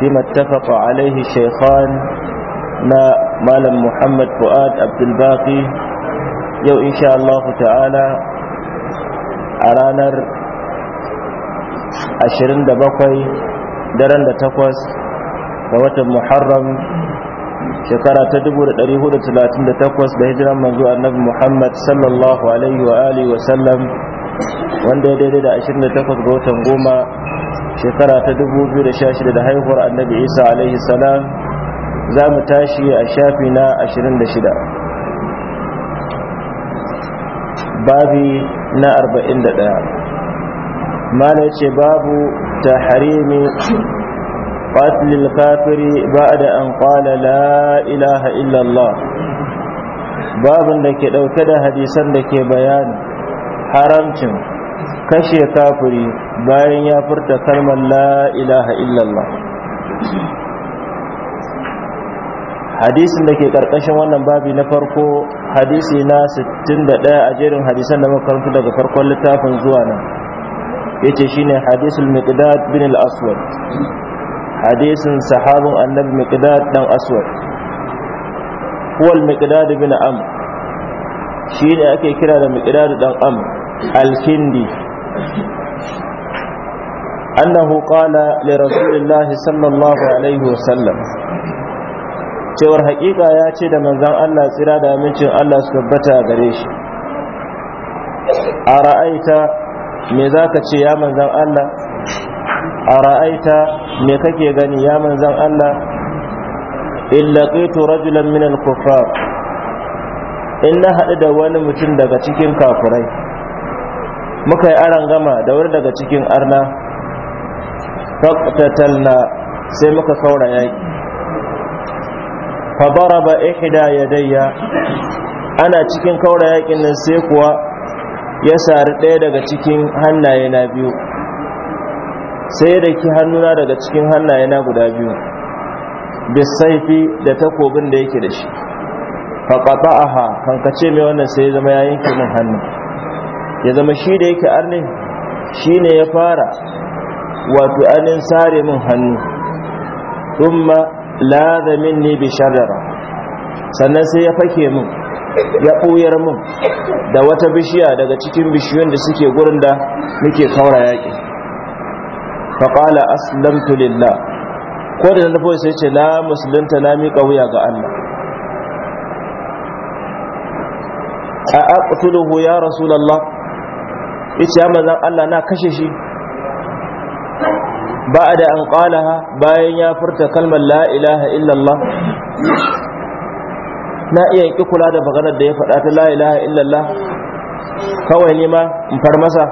فيما اتفق عليه الشيخان na malam muhammad fu'ad abdulbaki yau insha ta'ala a ranar 27 daren da takwas ga watan muharram shekara ta 1438 da hijiran manzo annabi muhammad sallallahu alaihi wa sallam wanda ya daidai da 28 ga watan goma shekara ta 2016 da haihuwar annabi isa alaihi salam za mu tashi a shafi na 26 babi na 41 mana ce babu ta harimi ƙatlil kafiri ba da an ƙwala la ilaha illallah babin da ke ɗauke da hadisan da ke bayan haramcin kashe kafiri bayan ya furta kalmar la ilaha illallah hadisin da ke karkashin wannan babi na farko hadisi na 61 a jerin hadisan da muka daga farkon littafin zuwa nan yace shine hadisul miqdad bin al-aswad hadisin sahabin annabi miqdad dan aswad huwa al-miqdad bin am shine ake kira da miqdad dan am al-kindi قال لرسول الله صلى الله alaihi وسلم cewar haƙiƙa ya ce da manzan Allah tsira da amincin Allah su tabbata gare shi a ra'aita me ka ce ya manzan Allah a ra'aita me kake gani ya manzan Allah in laqitu rajulan min al in na haɗu da wani mutum daga cikin kafurai muka yi aron gama da wuri daga cikin arna faƙtatalna sai muka saura yaƙi fabara ba ihda yadayya ana cikin kaura yakin nan sai kuwa ya sari ɗaya daga cikin hannaye na biyu sai da ki hannuna daga cikin hannaye na guda biyu bisaifi da takobin da yake da shi faƙaɓa'aha kankace mai wannan sai zama ya yanke min hannu ya zama shi da yake arnin shi ne ya fara wato anin sare min hannu thumma ne ne bi shajara sannan sai ya fake min ya ɓoyar min da wata bishiya daga cikin bishiyun da suke gurin da muke kaura yaƙi faƙala aslamtu lillah ko da na sai ce na musulunta na miƙa wuya ga Allah a aqtuluhu ya rasulullah yace ya manzon Allah na kashe shi ba'da an qalaha bayan ya furta kalmar la ilaha illallah na iya yanki kula da maganar da ya faɗa ta la ilaha illallah kawai ne ma in far masa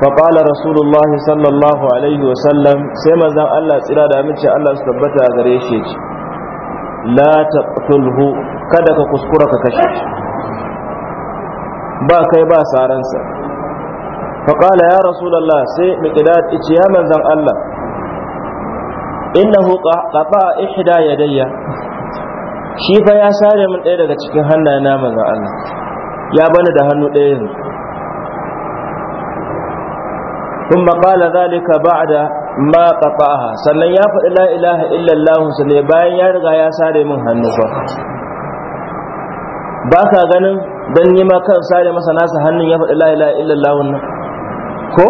فقال رسول الله صلى الله عليه وسلم سيما زان الله تسيرا دا منشي الله سبتا غريشيك La تقتله kada ka kuskura ka kashe shi ba kai ba saransa faƙala ya rasulallah sai miƙidad ice ya manzan Allah innahu qata ihda yadayya shi fa ya sare min ɗaya daga cikin hannayen na manzan Allah ya bani da hannu ɗaya yanzu ثم قال ذلك بعد ma قطعها sannan ya faɗi la ilaha illallah sai bayan ya riga ya sare min hannu fa ba ka ganin don yi ma kan sare masa nasa hannun ya faɗi la'ila illallah nan. ko?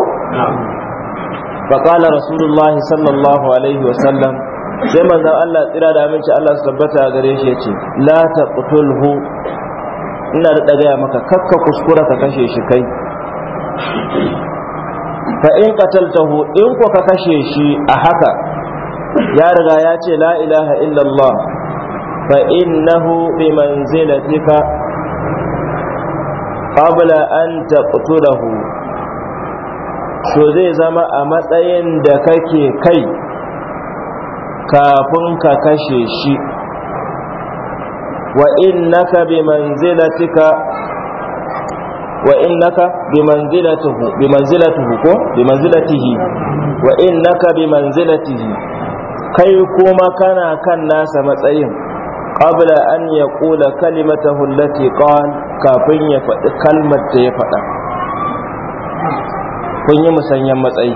faƙala rasulullah sallallahu alaihi wasallam sai manzan Allah tsira da aminci Allah su tabbata gare shi ya ce la ta ƙutulhu ina da gaya maka kakka kuskura ka kashe shi kai fa in qataltahu in ko ka kashe shi a haka ya riga ya ce la ilaha illallah fa innahu bi manzilatika qabla an taqtulahu so zai zama a matsayin da kake kai kafin ka kashe shi wa innaka bi manzilatika wa innaka bi manzilatihi bi manzilatihi ko bi manzilatihi wa innaka bi manzilatihi kai kuma kana kan nasa matsayin qabla an yaqula kalimatahu allati qal kafin ya faɗi kalmar da ya faɗa kun yi musanyen matsayi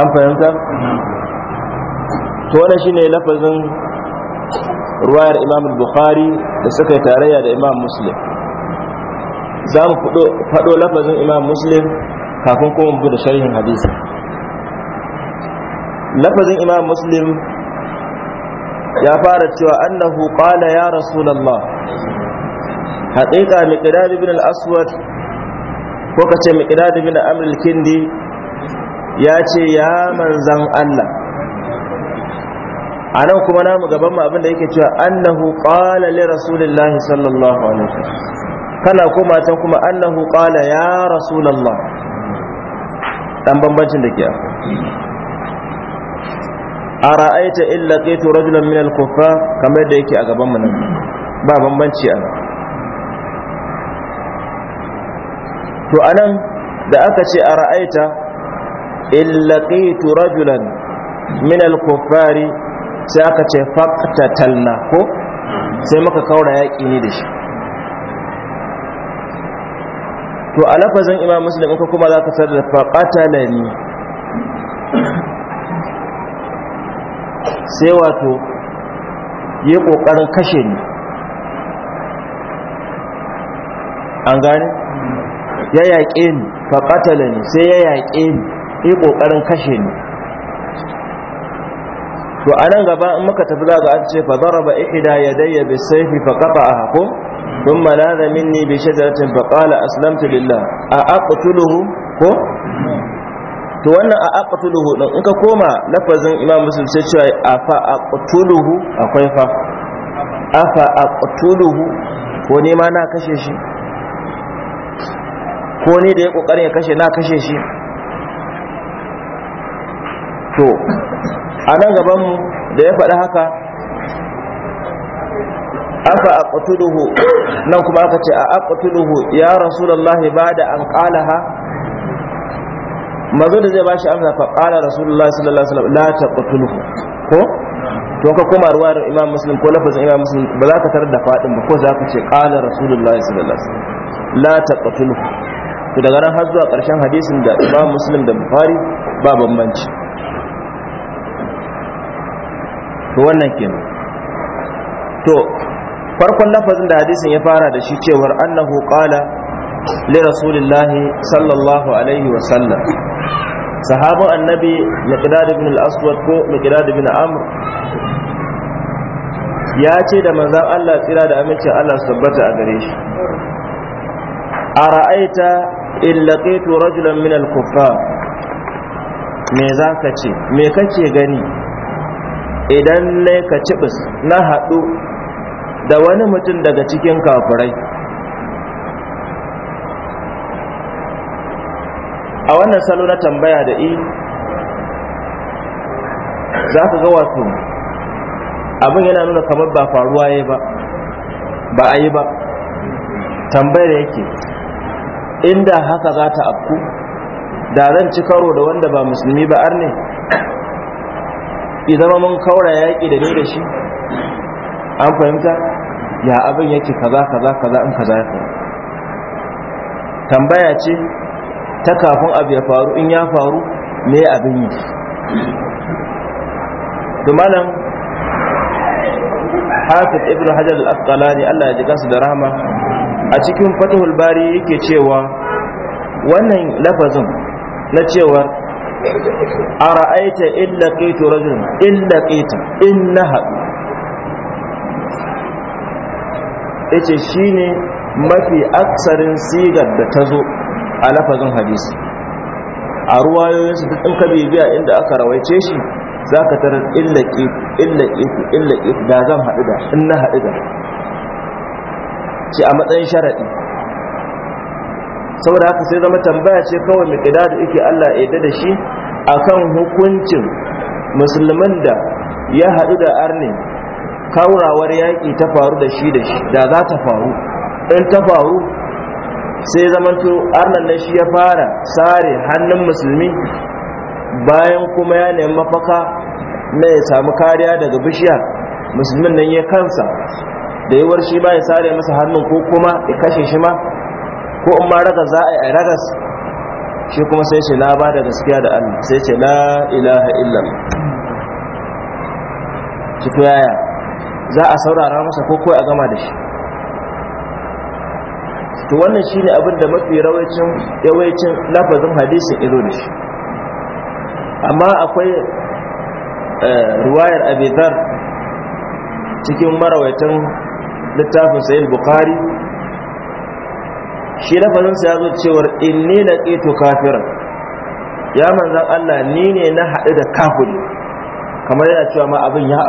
an fahimta to wannan shine lafazin ruwayar Imam Bukhari da suka tarayya da Imam Muslim za mu faɗo lafazin Imam Muslim kafin kuma mu da sharhin hadisi lafazin Imam Muslim ya fara cewa annahu qala ya rasulullah haqiqa miqdad ibn al-aswad ko kace miqdad ibn amr al-kindi ya ce ya manzan Allah anan kuma namu gaban mu abinda yake cewa annahu qala li rasulillahi sallallahu alaihi wasallam kana kuma tan kuma annahu qala ya rasulullah dan bambancin da ke akwai a ra'aita illa qaitu rajulan min al kamar da yake a gaban mu nan ba bambanci a to anan da aka ce a ra'aita illa qaitu rajulan min al-kuffari sai aka ce talna ko sai muka kaura yaƙi ne da shi to a lafazin imam muslim kuma za ka sarrafa qatalani sai wato ya ƙoƙarin kashe ni an gani ya yaƙe ni faƙatala ne sai ya yaƙe ni ya ƙoƙarin kashe ni to a nan gaba in muka tafi za ga an ce fa zaraba ya yadayya bai saifi fa qata'aha ko thumma ladha minni bi shajaratin fa qala aslamtu lillah a aqtuluhu ko to wannan a aqtuluhu din in ka koma lafazin imam muslim sai cewa afa aqtuluhu akwai fa afa aqtuluhu ko ne ma na kashe shi ko ne da ya kokarin ya kashe na kashe shi to a nan gaban mu da ya faɗi haka afa aqtuluhu nan kuma aka ce a aqtuluhu ya rasulullahi bada an qalaha mazo da zai bashi amsa fa qala rasulullahi sallallahu alaihi wasallam la taqtuluhu ko to ka koma ruwayar imam muslim ko lafazin imam muslim ba za ka tarar da fadin ba ko za ka ce qala rasulullahi sallallahu alaihi wasallam la taqtuluhu to daga nan har zuwa karshen hadisin da imam muslim da bukhari ba bambanci to wannan kenan to farkon lafazin da hadisin ya fara da shi cewar annahu qala Li الله sallallahu alaihi wa sallam. sahabin annabi miqdad ibn al-aswad ko miqdad ibn amr ya ce da manzan Allah tsira da amincin Allah su tabbata a gare shi a ra'aita in laqitu rajulan min al-kuffar za ka ce me kake gani idan ne ka cibis na haɗu da wani mutum daga cikin kafirai a wannan salo na tambaya da i za ka ga wato abin yana nuna kamar ba faruwa ya ba ba a yi ba tambayar yake inda haka za ta afku da zan ci karo da wanda ba musulmi ba arne ki zama mun kaura yaƙi da ni da shi an fahimta ya abin yake kaza kaza kaza in kaza ya tambaya ce ta kafin abu ya faru in ya faru ne abin yi dumanan hafiz ibn hajar al ne Allah ya jikansu da rahama a cikin fatahul bari yake cewa wannan lafazin na cewa a ra'aita illa qaitu rajin illa qaitu innaha shi shine mafi aksarin sigar da ta zo a lafazin hadisi a ruwayoyin duk in ka bibiya inda aka rawaice shi za ka tarar illaƙi illaƙi illaƙi da zan haɗu da in na haɗu da ce a matsayin sharaɗi saboda haka sai zama tambaya ce kawai mai ƙida da ike Allah ya yarda da shi akan hukuncin musulman da ya haɗu da arne kawurawar yaƙi ta faru da shi da shi da za ta faru in ta faru sai zamanto arnan nan shi ya fara sare hannun musulmi bayan kuma ya nemi mafaka na ya samu kariya daga bishiyar musulmin nan ya kansa da yawar shi ba ya sare masa hannun ko kuma ya kashe shi ma ko in ma raga za a yi ragas shi kuma sai ce na ba da gaskiya da allah sai ce la ilaha illallah cikin yaya za a saurara masa ko kawai a gama da shi to wannan shine abin da mafi rawacin yawancin lafazin hadisin izo da shi amma akwai eh, ruwayar abidar cikin marawaitan littafin sayyid bukhari shi lafazin sa zo cewar inni laqitu kafiran ya manzan Allah ni ne na haɗu da kafiri kamar yana cewa ma abin ya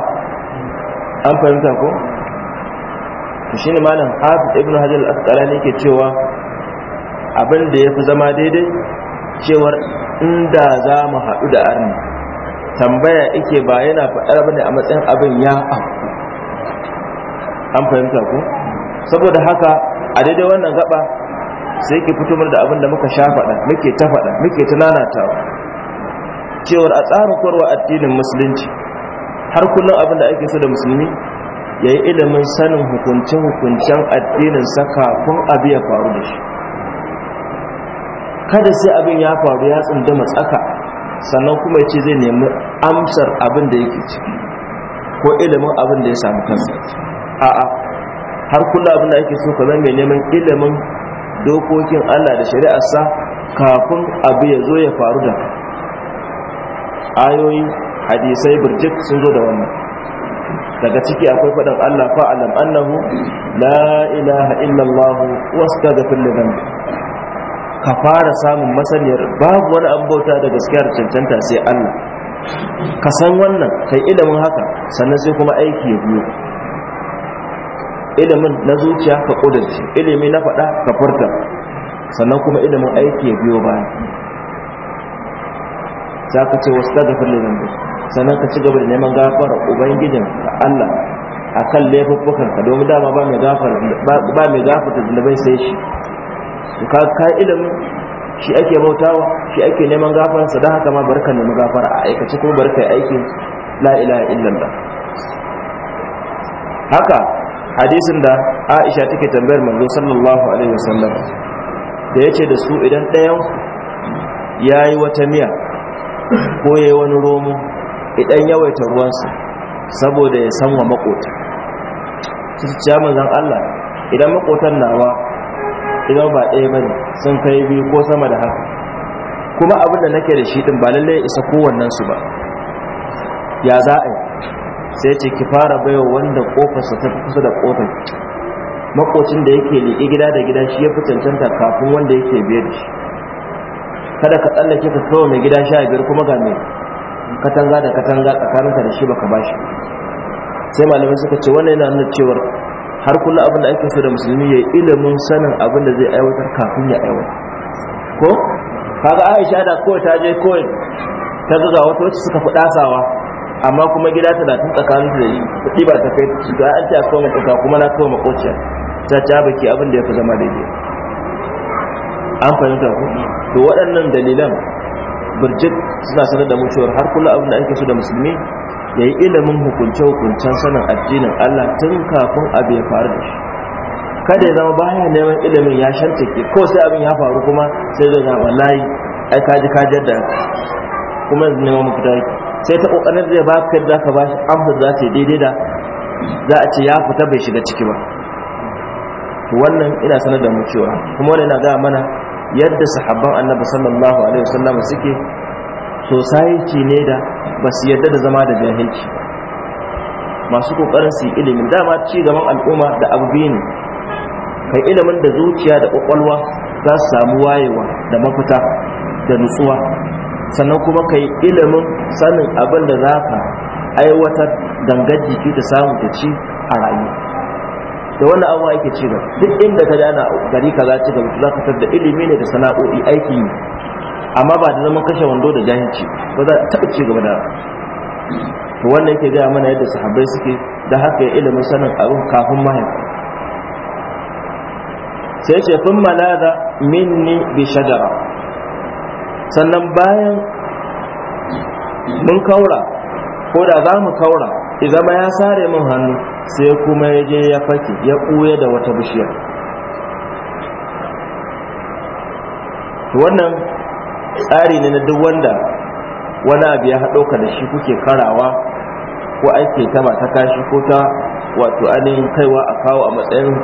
an fahimta ko shi ne malam hafiz ibn hajar al-asqalani ke cewa abin da ya fi zama daidai cewar inda za mu haɗu da arni tambaya ike ba yana faɗar bane a matsayin abin ya afku an fahimta ko saboda haka a daidai wannan gaba sai ke fito da abin da muka sha faɗa muke ta faɗa muke ta lalatawa cewar a tsarin korwa addinin musulunci har kullum abin da ake so da musulmi ya yi ilimin sanin hukunce-hukuncen addininsa kafin abu ya faru da shi kada sai abin ya faru ya tsinda tsaka sannan kuma ce zai nemi amsar abin da yake ciki ko ilimin abin da ya samu kansa a'a har kula abin da ake so ka mai neman ilimin dokokin Allah da shari'arsa kafin abu ya zo ya faru da ayoyi hadisai burjik sun zo da wannan daga ciki akwai faɗin Allah fa'alam annahu la ilaha wasu wastaghfir li dhanbi ka fara samun masaniyar babu wani an da gaskiyar cancanta sai Allah ka san wannan kai ilimin haka sannan sai kuma aiki ya biyo ilimin na zuciya ka kudurci ilimi na faɗa ka furta sannan kuma ilimin aiki ya biyo bayan za ka ce wasu fulle nan sannan ka ci gaba da neman gafara ubangijin Allah akan laifuffukan ka domin dama ba mai gafara ba mai gafarta zunubai sai shi to ka ka ilimin shi ake bautawa shi ake neman gafara sa haka ma barka nemi gafara a aikace kuma barka yi aikin la ilaha illallah haka hadisin da Aisha take tambayar manzo sallallahu alaihi wasallam da yace da su idan ɗayan yayi wata miya ko yayi wani romo idan yawaita ruwansa saboda ya san wa makota su ci ciyamun zan Allah idan makotan nawa idan ba ɗaya bane sun kai biyu ko sama da haka kuma abin da nake da shi ɗin ba lallai isa kowannen su ba ya za a yi sai ce ki fara baiwa wanda kofarsa ta kusa da kofar makocin da yake liƙi gida da gida shi ya fi cancanta kafin wanda yake biyar da shi kada ka tsallake ka kawo mai gida sha biyar kuma ga mai katanga da katanga tsakaninka da shi baka bashi sai malamai suka ce wannan yana nuna cewar har kullum abin da ake so da musulmi ya ilimin sanin abin da zai aiwatar kafin ya aiwata ko kaga aisha da kowai ta je kowai ta ga wata wacce suka fi dasawa amma kuma gida talatin tsakanin da yi kuɗi ba ta kai ga an ta kawo mata kuma na kawo makociya ta ta baki abin da ya fi zama da daidai an fahimta ku to waɗannan dalilan birjit suna sanar da mutuwar har kula abin da ake su da musulmi ya yi ilimin hukunce-hukuncen sanin addinin Allah tun kafin abu ya faru da shi kada ya zama ba ya neman ilimin ya ke, ko sai abin ya faru kuma sai zai zama layi ai kaji kajar da kuma neman mafita yake sai ta kokarin zai za ka ba shi amsa za ta yi daidai da za a ce ya fita bai shiga ciki ba wannan ina sanar da mu cewa kuma wani yana gaya mana yadda sahabban annabi sallallahu alaihi wasallam suke society ne da basu su yarda da zama da jahilci masu kokarin su ilimi dama ci gaban al'umma da abu biyu kai ilimin da zuciya da kwakwalwa za su samu wayewa da mafita da nutsuwa sannan kuma kai ilimin sanin abin da za ka aiwatar gangar jiki ta samu ta ci a rayu da wannan abuwa yake ci gaba duk inda ta dana gari ka za ci gaba za ka da ilimi ne da sana'o'i aiki ne amma ba da zama kashe wando da jahilci ba za ta taɓa gaba da to wannan yake gaya mana yadda sahabbai suke da haka ya ilimin sanin abin kafin mahaifa sai ce fun malaza minni bi shajara sannan bayan mun kaura ko da za mu kaura idan ya sare min hannu sai kuma ya je ya fake ya ɓuya da wata bishiyar wannan tsari ne na duk wanda wani abu ya haɗo ka da shi kuke karawa ko aiki ta mata kashi ko ta wato ainihin kaiwa a kawo a matsayin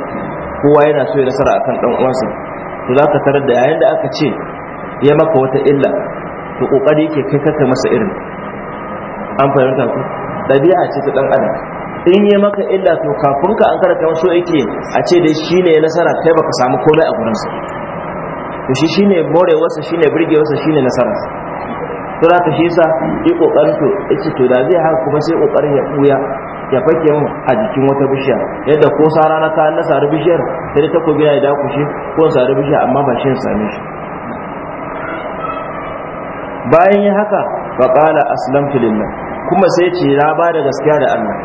kowa yana so ya nasara akan ɗan uwansa to za ka tarar da yayin da aka ce ya maka wata illa to ƙoƙari ke kai kaka masa irin an fahimta ku ɗabi'a ce ta ɗan adam in yi maka illa to kafin ka an karanta wasu aiki a ce da shi ne nasara kai baka samu komai a gurinsa to shi shine wasa shine wasa shine nasara to za ta shi sa yi kokarin to yace to da zai haka kuma sai kokarin ya buya ya fake mu a jikin wata bishiya yadda ko sara na ta na sara bishiyar sai ta ko biya ya kushi ko sara bishiya amma ba shi ya same shi bayan yin haka wa qala aslamtu lillah kuma sai ce na ba da gaskiya da Allah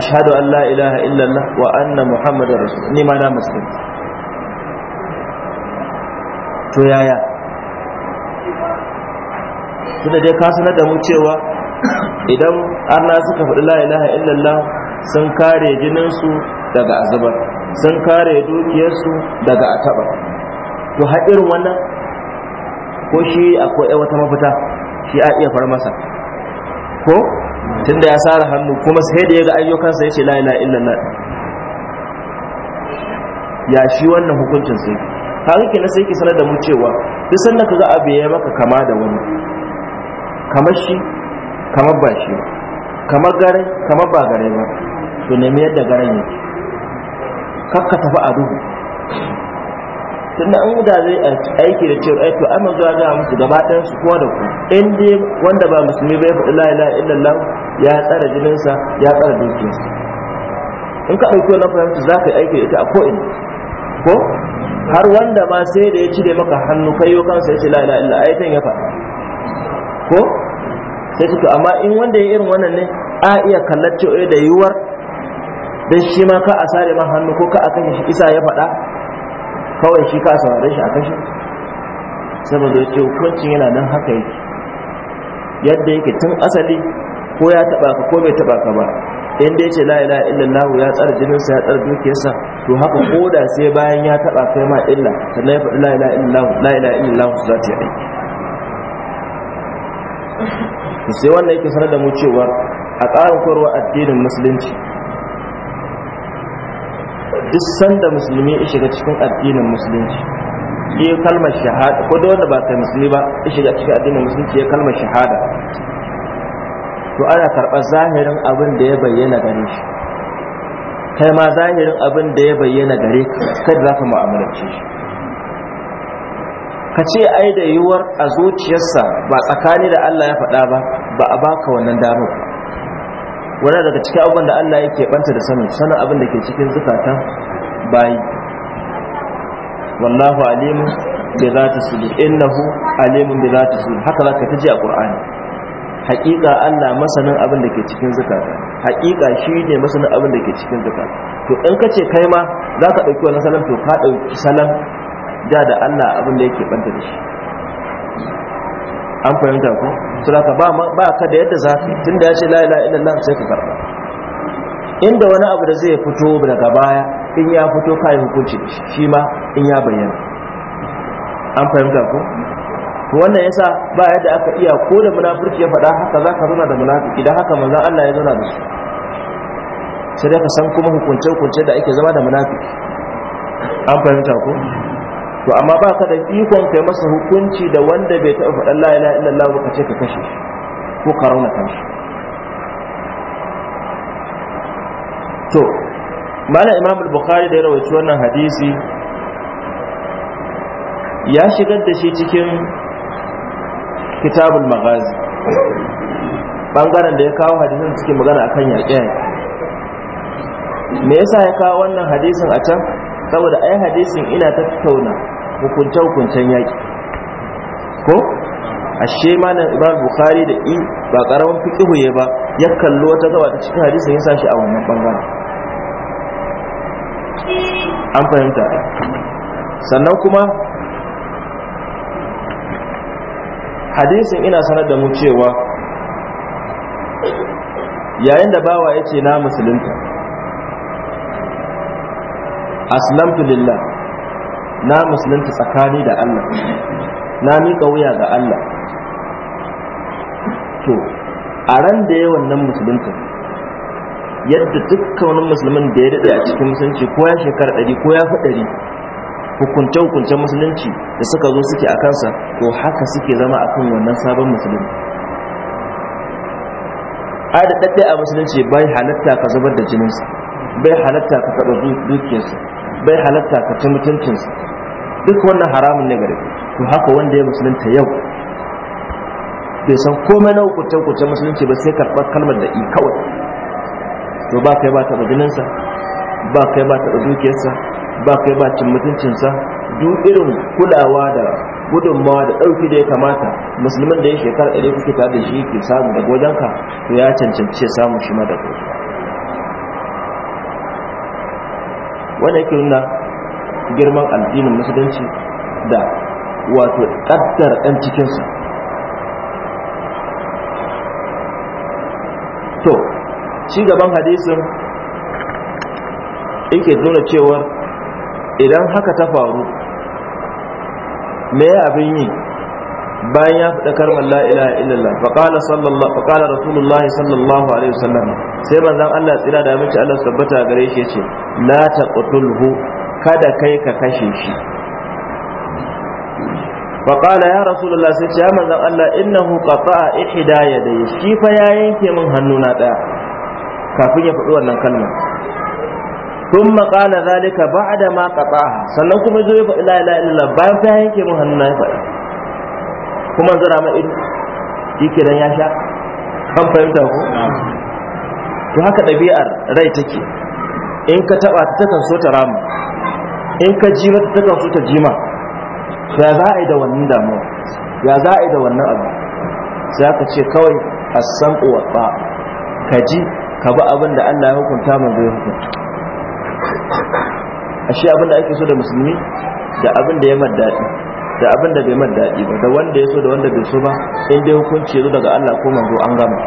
ashhadu an la ilaha illallah wa anna muhammadar rasul ni ma na musulmi to yaya tunda dai ka sanar da mu cewa idan Allah suka faɗi la ilaha illallah sun kare jininsu daga azabar sun kare dukiyarsu daga ataba to har irin wannan ko shi akwai wata mafita shi a iya far masa ko tunda ya sara hannu kuma sai da ya ga ayyukansa ya ce la ilaha illallah ya shi wannan hukuncin sai kaga na sai ki sanar da mu cewa duk sanda kaga abu ya maka kama da wani kamar shi kamar ba shi kamar gare kamar ba gare ba to nemi yadda garen yake kakka tafi a duhu tunda an guda zai aiki da cewa to amma zuwa ga musu gaba ɗan su kowa da ku in dai wanda ba musulmi ba ya faɗi la'ila illallah ya tsara jininsa ya tsara dukiyarsa in ka ɗauki wannan fahimta za ka yi aiki da ita a ko'ina ko har wanda ma sai da ya cire maka hannu kai kansa ya ce la ilaha illa ayatan ya faɗa ko sai to amma in wanda ya irin wannan ne a iya kallar cewa eh da yiwuwar dan shi ma ka a sare man hannu ko ka a kashe shi isa ya faɗa kawai shi ka a shi a kashe saboda ya ce hukuncin yana nan haka yake yadda yake tun asali ko ya taɓa ka ko bai taɓa ka ba inda ya ce la ilaha illallah ya tsara jininsa ya tsara dukiyarsa to haka koda sai bayan ya taba kai ma illa sannan ya faɗi la ilaha illallah la ilaha illallah su za ta yi aiki to sai wannan yake sanar da mu cewa a ƙarin koyarwa addinin musulunci duk sanda musulmi ya shiga cikin addinin musulunci ya kalmar shahada ko da wanda ba kai musulmi ba ya shiga cikin addinin musulunci ya kalmar shahada to ana karɓar zahirin abin da ya bayyana gare shi kai ma zahirin abin da ya bayyana gare ka kai za ka mu'amalarci shi ka ce ai da yiwuwar a zuciyarsa ba tsakani da Allah ya faɗa ba ba a baka wannan damar wani daga cikin abin da Allah yake banta da sanin sanin abin da ke cikin zukata bayi wallahu alimun bi zati sudur innahu alimun bi zati sudur haka zaka ta ji a qur'ani haƙiƙa Allah masanin abin da ke cikin zakata haƙiƙa shi ne masanin abin da ke cikin zakata to in ka ce kai ma za ka ɗauki wani salon to ka ɗauki salon da da Allah abin da yake ɓanta da shi an fahimta ku su da ba ba ka da yadda zafi da ya ce la'ila ilaha illallah sai ka karɓa inda wani abu da zai fito daga baya in ya fito kayan hukunci shi ma in ya bayyana an fahimta ku to wannan yasa ba yadda aka iya ko da munafurci ya faɗa haka za ka zauna da munafiki idan haka manzan Allah ya zauna da su sai da ka san kuma hukunce-hukunce da ake zama da munafiki an fahimta ko to amma ba ka da ikon kai masa hukunci da wanda bai taɓa faɗan la ilaha illallah ba ka ce ka kashe ko ka rauna kanshi to mana imam al-bukhari da ya rawaito wannan hadisi ya shigar da shi cikin kitabul magazi bangaren da ya kawo hadisin suke magana akan yaƙe me yasa ya kawo wannan hadisin a can saboda ai hadisin ina tattauna hukunce hukuncen yaƙi ko ashe malam Ibrahim Bukhari da i ba ƙaramin fiqhu ya ba ya kallo wata gaba ta cikin hadisin ya sashi a wannan bangaren an fahimta sannan kuma hadisin ina sanar da mu cewa yayin da bawa ya ce na musulunta aslamtu lillah na musulunta tsakani da Allah na miƙa wuya ga Allah to a ran da yawan wannan musulunta yadda dukkan musulmin da ya daɗe a cikin musulunci ko ya shekara ɗari ko ya fi ɗari hukunce-hukuncen musulunci da suka zo suke a kansa to haka suke zama a kan wannan sabon musulunci a da ɗaɗɗe a musulunci bai halatta ka zubar da jininsa bai halatta ka taɓa dukiyarsa bai halatta ka ci mutuncinsa duk wannan haramun ne gari to haka wanda ya musulunta yau bai san komai na hukunce-hukuncen musulunci ba sai karɓar kalmar da i kawai to ba kai ba taɓa jininsa ba kai ba taɓa dukiyarsa ba kai ba cin mutuncinsa duk irin kulawa da gudunmawa da ɗauki da ya kamata musulmin da ya shekar ɗari kuke ta da shi ke samu daga wajenka to ya cancanci ya samu shi ma da wanda yake nuna girman addinin musulunci da wato ƙaddar ɗan cikinsa to ci gaban hadisin yake nuna cewar idan haka ta faru me abin yi bayan ya faɗa karmar la ilaha illallah faƙala sallallahu faƙala rasulullahi sallallahu alaihi wasallam sai zan Allah tsira da mace Allah tabbata gare shi yace la taqtulhu kada kai ka kashe shi faƙala ya rasulullah sai ce ya manzan Allah innahu qata'a ihda da shi fa ya yanke min hannuna ɗaya kafin ya faɗi wannan kalmar ثم قال ذلك بعد ma qata'aha sannan kuma zo ya faɗi la ilaha illallah bayan fa yanke mu hannu na faɗi kuma zura ma ido yake dan ya sha an fahimta ko to haka ɗabi'ar rai take in ka taɓa ta takan so ta ramu, in ka ji mata takan so ta jima ya za a yi da wannan damuwa ya za a yi da wannan abu sai aka ce kawai a san uwa ka ji ka bi abin da Allah ya hukunta mu zai hukunta ashe abin da ake so da musulmi da abin da ya maddaɗi da abin da bai maddaɗi ba da wanda ya so da wanda bai so ba in dai hukunci zo daga Allah ko manzo an gama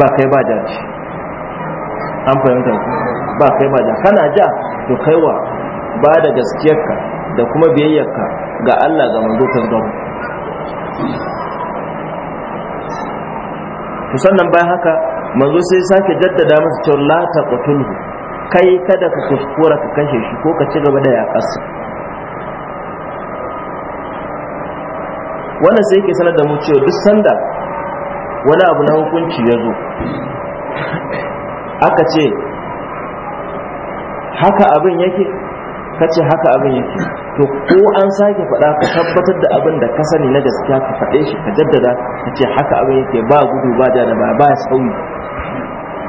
ba kai ba shi an fahimta ba kai ba ja kana ja to kaiwa ba da gaskiyarka da kuma biyayyarka ga Allah ga manzo ka zama to sannan bayan haka manzo sai sake jaddada masa cewa la taqtulhu kai kada ka kuskura ka kashe shi ko ka ci gaba da yaƙarsa wannan sai yake sanar da mu cewa duk sanda wani abu na hukunci ya zo aka ce haka abin yake ka ce haka abin yake to ko an sake faɗa ka tabbatar da abin da ka sani na gaskiya ka faɗe shi ka jaddada ka ce haka abin yake ba gudu ba da ba ba sauyi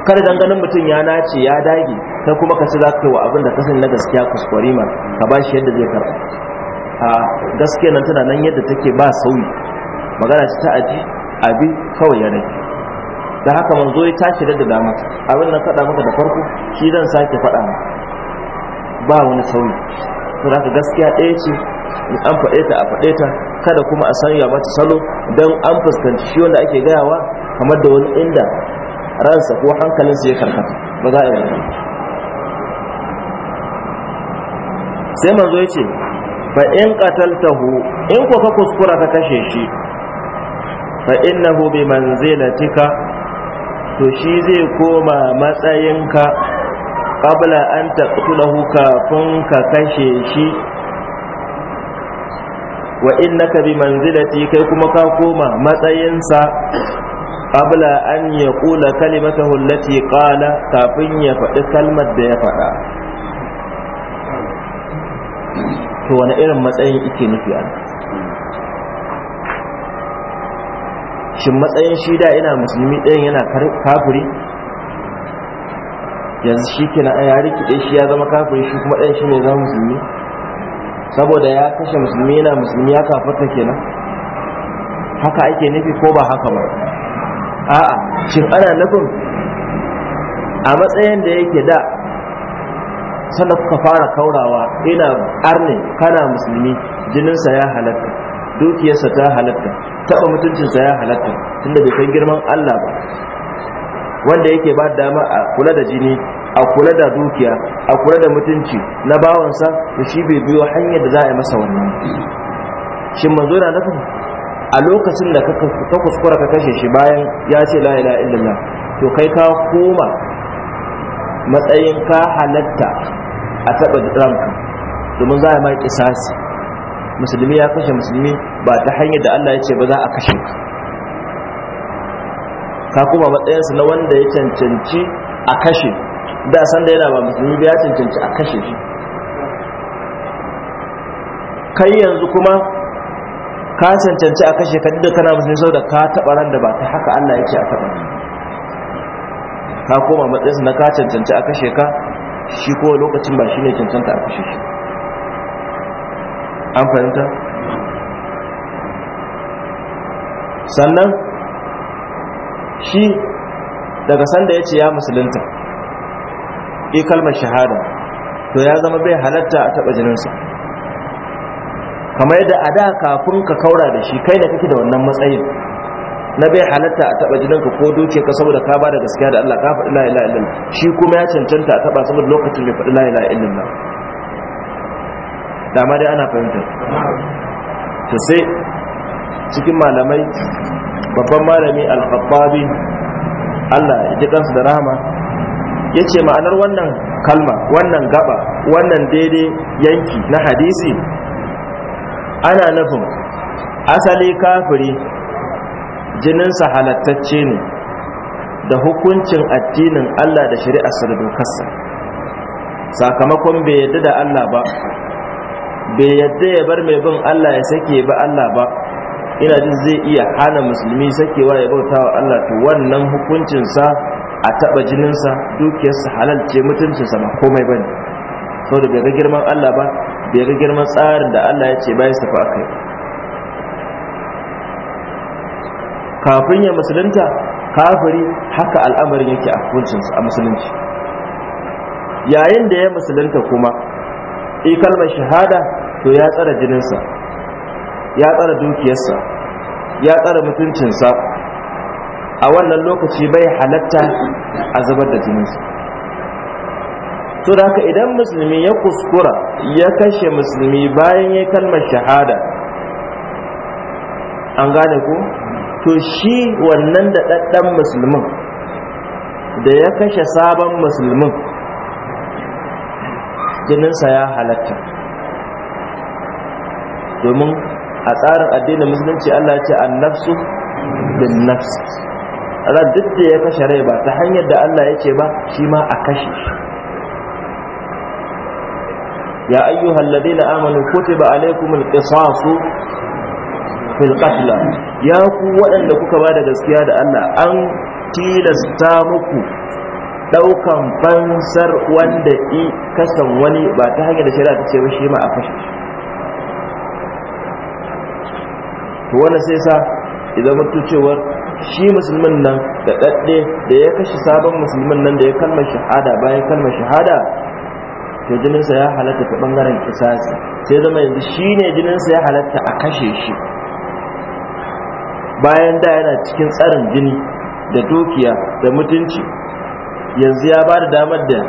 kada danganin mutum ya nace ya dage ta kuma ka ce za ka yi wa abin da ka sani na gaskiya kuskure ma ka ba shi yadda zai karɓa a gaskiya nan tana nan yadda take ba sauyi magana ci ta aji abi kawai ya rage da haka zo ta tashi da dama abin na faɗa maka da farko shi zan sake faɗa ma ba wani sauyi to da gaskiya ɗaya ce in an faɗe ta a faɗe ta kada kuma a sanya mata salo don an fuskanci shi wanda ake gayawa kamar da wani inda ransa ko hankalinsa ya karkata ba za a yi wani sai manzo ya ce fa in qataltahu in ko ka kuskura ka kashe shi fa innahu bi manzilatika to shi zai koma matsayinka qabla an taqtulahu kafin ka kashe shi wa innaka bi manzilati kai kuma ka koma matsayinsa qabla an yaqula kalimatahu allati qala kafin ya faɗi kalmar da ya faɗa to wani irin matsayin ike nufi a shin matsayin shi da ina musulmi ɗayan yana kafuri yanzu shi kina a yari kiɗe shi ya zama kafuri shi kuma ɗayan shi ne zama musulmi saboda ya kashe musulmi yana musulmi ya kafarta kenan haka ake nufi ko ba haka ba a'a shin ana nufin a matsayin da yake da salaf ka fara kaurawa ina arne kana musulmi jininsa ya halatta dukiyarsa ta halatta taɓa mutuncinsa ya halatta tunda bai san girman Allah ba wanda yake ba dama a kula da jini a kula da dukiya a kula da mutunci na bawansa to shi bai biyo hanyar da za a yi masa wannan shin manzo na nufin a lokacin da ka kuskura ka kashe shi bayan ya ce la ilaha illallah to kai ka koma matsayin ka halatta a taɓa ranka domin za a mai kisasi musulmi ya kashe musulmi ba ta hanyar da Allah ya ce ba za a kashe ka ka kuma matsayinsa na wanda ya cancanci a kashe da san da yana ba musulmi ya cancanci a kashe shi kai yanzu kuma ka cancanci a kashe ka duk kana musulmi sau da ka taɓa ran da ba ta haka Allah ya ce a taɓa ka koma matsayinsa na ka cancanci a kashe ka shi ko lokacin ba shi ne cancanta a fushe shi an fahimta sannan shi daga sanda ya ce ya musulunta e kalmar shahada to ya zama bai halatta a taɓa jininsa kamar yadda a da kafin ka kaura da shi kai da kake da wannan matsayin na bai halatta a taba ka ko duke ka saboda ka bada gaskiya da Allah ka faɗi la ilaha illallah shi kuma ya cancanta a taba saboda lokacin bai faɗi la ilaha illallah ma dai ana fahimta to sai cikin malamai babban malami al-khattabi Allah ya ji kansu da rahama yace ma'anar wannan kalma wannan gaba wannan daidai yanki na hadisi ana nufin asali kafiri jininsa halattacce ne da hukuncin addinin Allah da shari'arsa da dokarsa sakamakon bai yadda da Allah ba bai yadda ya bar mai bin Allah ya sake ba Allah ba ina jin zai iya hana musulmi sakewa ya bauta wa Allah to wannan hukuncinsa a taɓa jininsa dukiyarsa halal ce mutuncinsa ba komai ba ne saboda bai ga girman Allah ba bai ga girman tsarin da Allah ya ce bayan su fa kai. kafin ya musulunta kafiri haka al'amarin yake a hukuncinsa a musulunci yayin da ya musulunta kuma e kalmar shahada to ya tsara jininsa ya tsara dukiyarsa ya tsara mutuncinsa a wannan lokaci bai halatta a zubar da jininsa to da haka idan musulmi ya kuskura ya kashe musulmi bayan ya kalmar shahada an gane ku to shi wannan da ɗaɗɗan musulmin da ya kashe sabon musulmin jininsa ya halatta domin a tsarin addinin musulunci Allah ce an nafsu bin nafsu Allah duk da ya kashe rai ba ta hanyar da Allah ya ce ba shi ma a kashe ya يا أيها الذين آمنوا كتب عليكم fil qatla ya ku waɗanda kuka ba da gaskiya da Allah an tilasta muku daukan fansar wanda i kasan wani ba ta hanyar shari'a ta ce ba shi ma a kashe to wannan sai sa idan mutu cewar shi musulmin nan da dadde da ya kashe sabon musulmin nan da ya kalma shahada bayan kalma shahada to jininsa ya halatta ta bangaren kisasi sai zama yanzu shine jininsa ya halatta a kashe shi bayan da yana cikin tsarin jini da dukiya da mutunci yanzu ya ba da damar da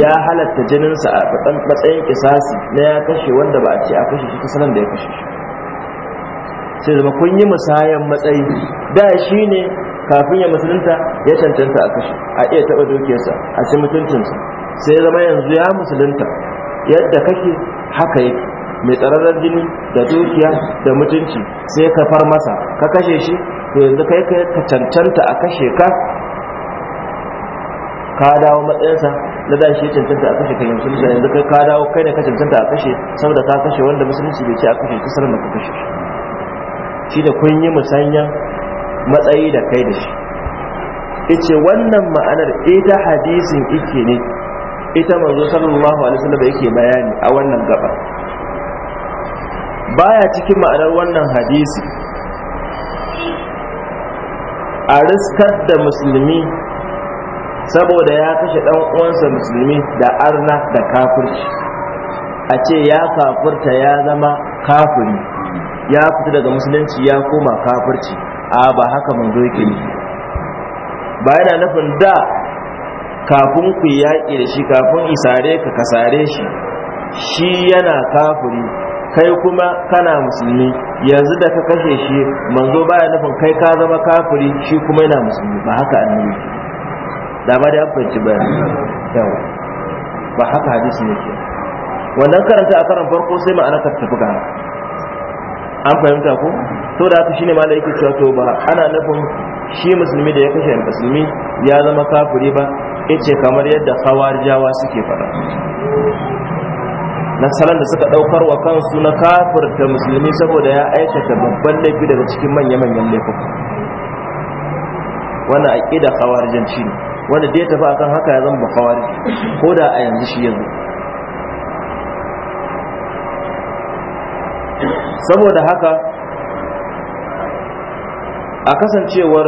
ya halatta jininsa a matsayin kisasi na ya kashe wanda ba a ce a kashe shi kasanan da ya kashe shi sai zama kun yi musayan matsayi da shi ne kafin ya musulunta ya cancanta a kashe a iya taɓa dukiyarsa a ci mutuncinsa sai zama yanzu ya musulunta yadda kake haka yake mai tsararren jini da dukiya da mutunci sai ka far masa ka kashe shi to yanzu kai ka cancanta a kashe ka ka dawo matsayinsa na da shi cancanta a kashe kan musulunci yanzu kai ka dawo kai ne ka cancanta a kashe saboda ka kashe wanda musulunci bai ce a kashe ka sanar da ka kashe shi da kun yi musanyan matsayi da kai da shi Ita wannan ma'anar ita hadisin ike ne ita manzo sallallahu alaihi wasallam yake bayani a wannan gaba baya cikin ma'anar wannan hadisi a riskar da musulmi saboda ya kashe ɗan uwansa musulmi da arna da kafirci a ce ya kafurta ya zama kafiri ya fita daga musulunci ya koma kafirci a ba haka manzo yake ne ba yana nufin da kafin ku yaƙi da shi kafin isare ka kasare shi shi yana kafiri kai kuma kana musulmi yanzu da ka kashe shi manzo baya nufin kai ka zama kafiri shi kuma yana musulmi ba haka annabi da ba da fahimci ba yawa ba haka hadisi ne ke wannan karanta a karan farko sai ma'ana ka tafi ga an fahimta ko to da haka shine malai yake cewa to ba ana nufin shi musulmi da ya kashe musulmi ya zama kafiri ba yace kamar yadda jawa suke faɗa na salon da suka daukar wa kansu na kafirta musulmi saboda ya aikata babban laifi daga cikin manya-manyan laifuka wannan aqida shi ne wanda da ya tafi akan haka ya zama khawarij ko da a yanzu shi yanzu saboda haka a kasancewar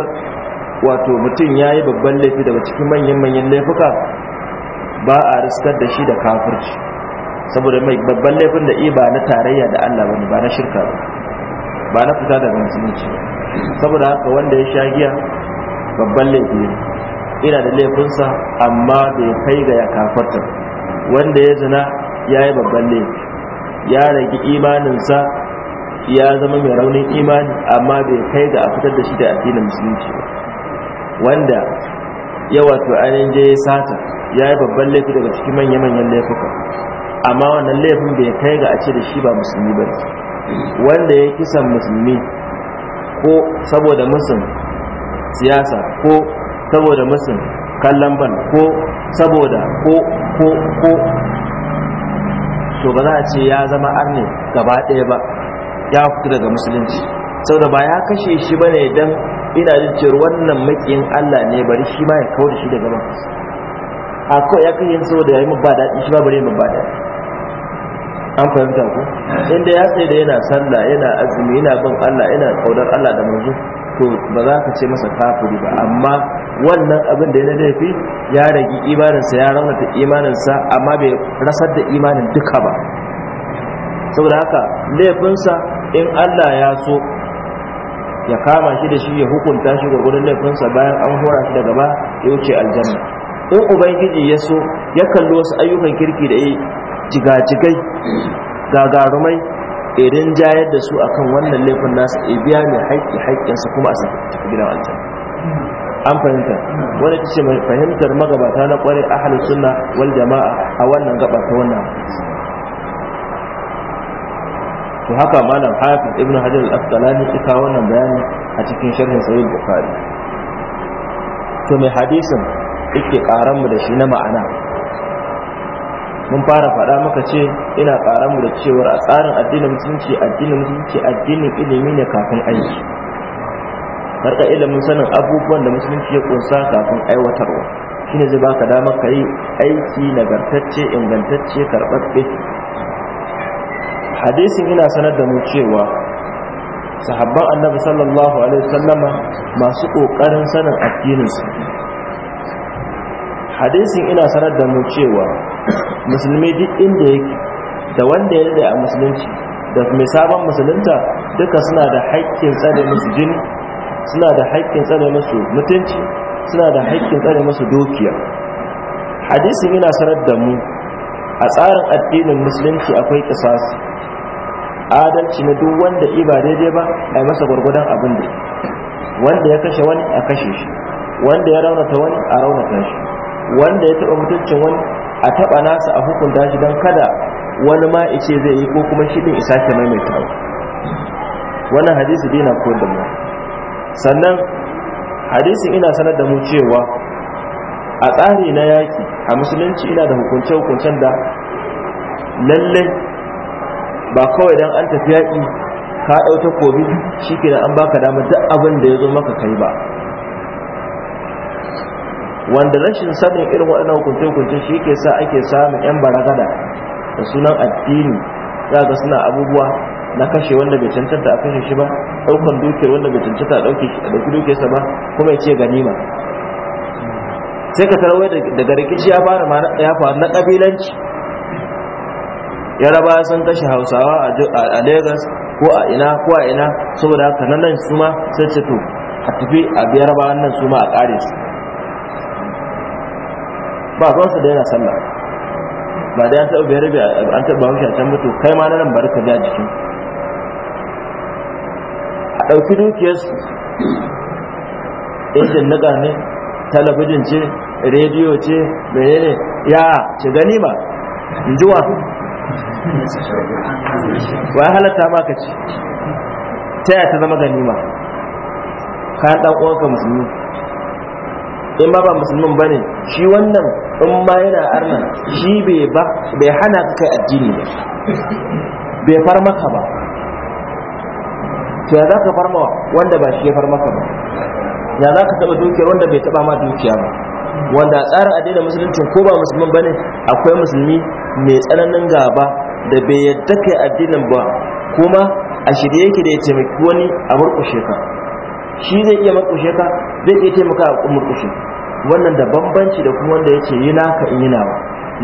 wato mutum ya yi babban laifi daga cikin manya manyan laifuka ba a riskar da shi da kafirci saboda mai babban laifin da iya ba na tarayya da Allah bane ba na shirka ba ba na fita daga musulunci saboda haka wanda ya sha giya babban laifi ne ina da laifinsa amma bai kai ga ya kafarta wanda ya zina ya yi babban laifi ya rage imaninsa ya zama mai raunin imani amma bai kai ga a fitar da shi da addinin musulunci ba wanda ya wato ainihin je ya sata ya yi babban laifi daga cikin manya-manyan laifuka amma wannan laifin bai kai ga a ce da shi ba musulmi ba wanda ya kisan musulmi ko saboda musun siyasa ko saboda musun kallon ban ko saboda ko ko ko to ba za a ce ya zama arne gaba ɗaya ba ya fito daga musulunci saboda ba ya kashe shi ba ne don ina jin cewar wannan makiyin allah ne bari shi ma ya kawo da shi daga ba a kawai ya kashe saboda ya yi mabada shi ma bari mabada ba an fahimta ku inda ya sai da yana sallah yana azumi yana bin Allah yana kaudar Allah da manzo to ba za ka ce masa kafiri ba amma wannan abin da ya laifi ya ragi imaninsa ya raunata imaninsa amma bai rasar da imanin duka ba saboda haka laifinsa in Allah ya so ya kama shi da shi ya hukunta shi gwargwadon laifinsa bayan an hora shi daga ba ya wuce aljanna in ubangiji ya so ya kalli wasu ayyukan kirki da yi jigajigai gagarumai irin jayar da su akan wannan laifin nasu a biya mai haƙƙi haikinsa kuma a tafi gidan aljanna an fahimta wadda ta ce mai fahimtar magabata na kware a halittunna wal jama'a a wannan gaba ta wannan to haka malam haifin ibn hajar al ita wannan bayani a cikin shirin sahih bukhari to mai hadisin ike karan mu da shi na ma'ana mun fara faɗa maka ce ina ƙara mu da cewar a tsarin addinin musulunci addinin musulunci addinin ilimi ne kafin aiki karka ilimin sanin abubuwan da musulunci ya kunsa kafin aiwatarwa shine zai baka dama ka yi aiki nagartacce ingantacce karɓaɓɓe hadisin ina sanar da mu cewa sahabban annabi sallallahu alaihi wasallama masu ƙoƙarin sanin addininsu hadisin ina sanar da mu cewa musulmi duk inda yake da wanda ya a musulunci da mai sabon musulunta duka suna da haƙƙin tsare musu jini suna da haƙƙin tsare musu mutunci suna da haƙƙin tsare musu dukiya hadisin ina sanar da mu a tsarin addinin musulunci akwai kisas adalci na duk wanda iba daidai ba a masa gurgudan abin da wanda ya kashe wani a kashe shi wanda ya raunata wani a raunata shi wanda ya taba mutuncin wani a taɓa nasa a hukunta shi don kada wani ma ice zai yi ko kuma shi ɗin isa ke maimaita wannan hadisi dina ko da mu sannan hadisin ina sanar da mu cewa a tsari na yaki a musulunci ina da hukunce-hukuncen da lalle ba kawai don an tafi yaƙi ka ɗauta kobi shi ke an baka damar duk abin da ya zo maka kai ba wanda rashin sanin irin waɗannan hukunce-hukunce shi ke sa ake samun 'yan baragada da sunan addini za ga suna abubuwa na kashe wanda bai cancanta a kashe shi ba ɗaukan dukiyar wanda bai cancanta a ɗauki dukiyarsa ba kuma ya ce ganima sai ka tarawai daga rikici ya fara ya faru na ƙabilanci ya sun kashe hausawa a lagos ko a ina ko a ina saboda haka nan su ma sai ce to a tafi a biyar ba wannan su ma a ƙare su ba su da yana sallah ba da an taɓa biyar rabi an taɓa haushe a can mutu kai ma na nan bari ka ja jikin a ɗauki dukiyar injin niƙa ne talabijin ce rediyo ce ne, ya ce gani ba in ji wa wa halatta ma ka ce ta yaya ta zama ganima ka ɗan uwanka musulmi in ba ba musulmin ba ne shi wannan in ma yana arna shi bai hana ka kai addini ba bai far maka ba ya za ka far mawa wanda ba shi ya far maka ba ya za ka taɓa dukiyar wanda bai taɓa ma dukiya ba wanda tsarin addinin musulunci ko ba musulman bane akwai musulmi mai tsananin gaba da bai yadda kai addinin ba kuma a shirye yake da ya taimaki wani a murƙushe ka shi zai iya murƙushe ka zai iya taimaka a murƙushe ka wannan da bambanci da kuma wanda yace yi naka in yi nawa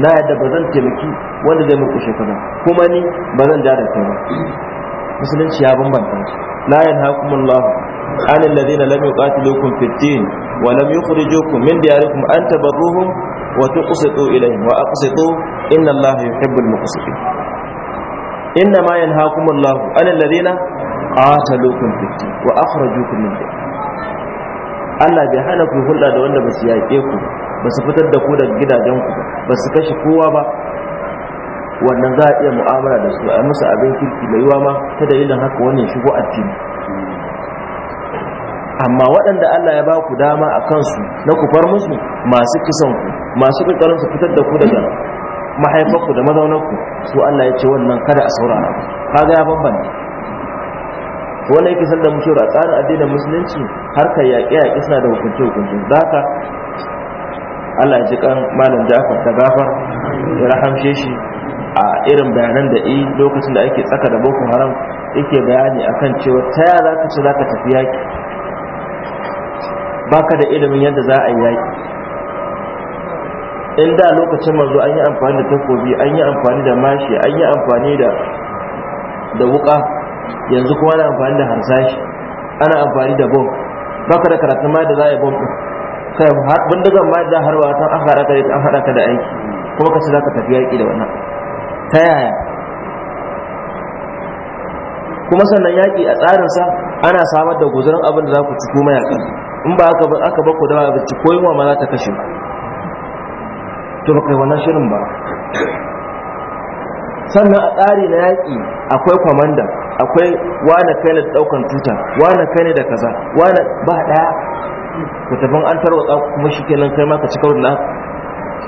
na yadda ba zan taimaki wanda zai muku shekaru kuma ni ba zan ja da kai ba musulunci ya bambanta shi la yanhaakumullahu an alladhina lam yuqatilukum fid din wa lam yukhrijukum min diyarikum an tabarruhum wa tuqsitu ilayhim wa aqsitu inna allaha yuhibbul muqsitin inna ma yanhaakumullahu an alladhina qataluukum fid din wa akhrajukum min diyarikum Allah bai hana ku hulɗa da wanda ba su yaƙe ku ba su fitar da ku daga gidajen ku ba su kashe kowa ba wannan za a iya mu'amala da su a musu abin kirki mai yiwa ma ta dalilin haka wannan shigo addini amma waɗanda Allah ya ba ku dama a kansu na ku far musu masu kisan ku masu kokarin su fitar da ku daga mahaifarku da mazaunarku su Allah ya ce wannan kada a saurara kaga ya bambanta wanda yake sanda mu cewa tsarin addinin musulunci har ka yaƙi-yaƙi suna da hukunce hukunce Za ka, Allah ya ji kan malam Jafar da gafar ya rahamshe shi a irin bayanan da i lokacin da ake tsaka da Boko Haram yake bayani akan cewa ta ya ci ce ka tafi yaƙi baka da ilimin yadda za a yi yaƙi in da lokacin manzo an yi amfani da takobi an yi amfani da mashi an yi amfani da da wuka yanzu kuma ana amfani da harsashi ana amfani da bom baka da karatun ma da za a yi bom ɗin kai bindigan ma da harwa ta an haɗa ka an haɗa ka da aiki kuma ka za ka tafi yaƙi da wannan ta yaya kuma sannan yaƙi a tsarinsa ana samar da guzurin abin da za ku ciko mayaƙa in ba aka aka bako da ba ci ko ma za ta kashe to ba kai wannan shirin ba sannan a tsari na yaƙi akwai kwamandan. akwai wane kai da daukan tuta wane kai ne da kaza wane ba daya ku tafin an tarwatsa kuma shi kenan kai ma ka ci kawai da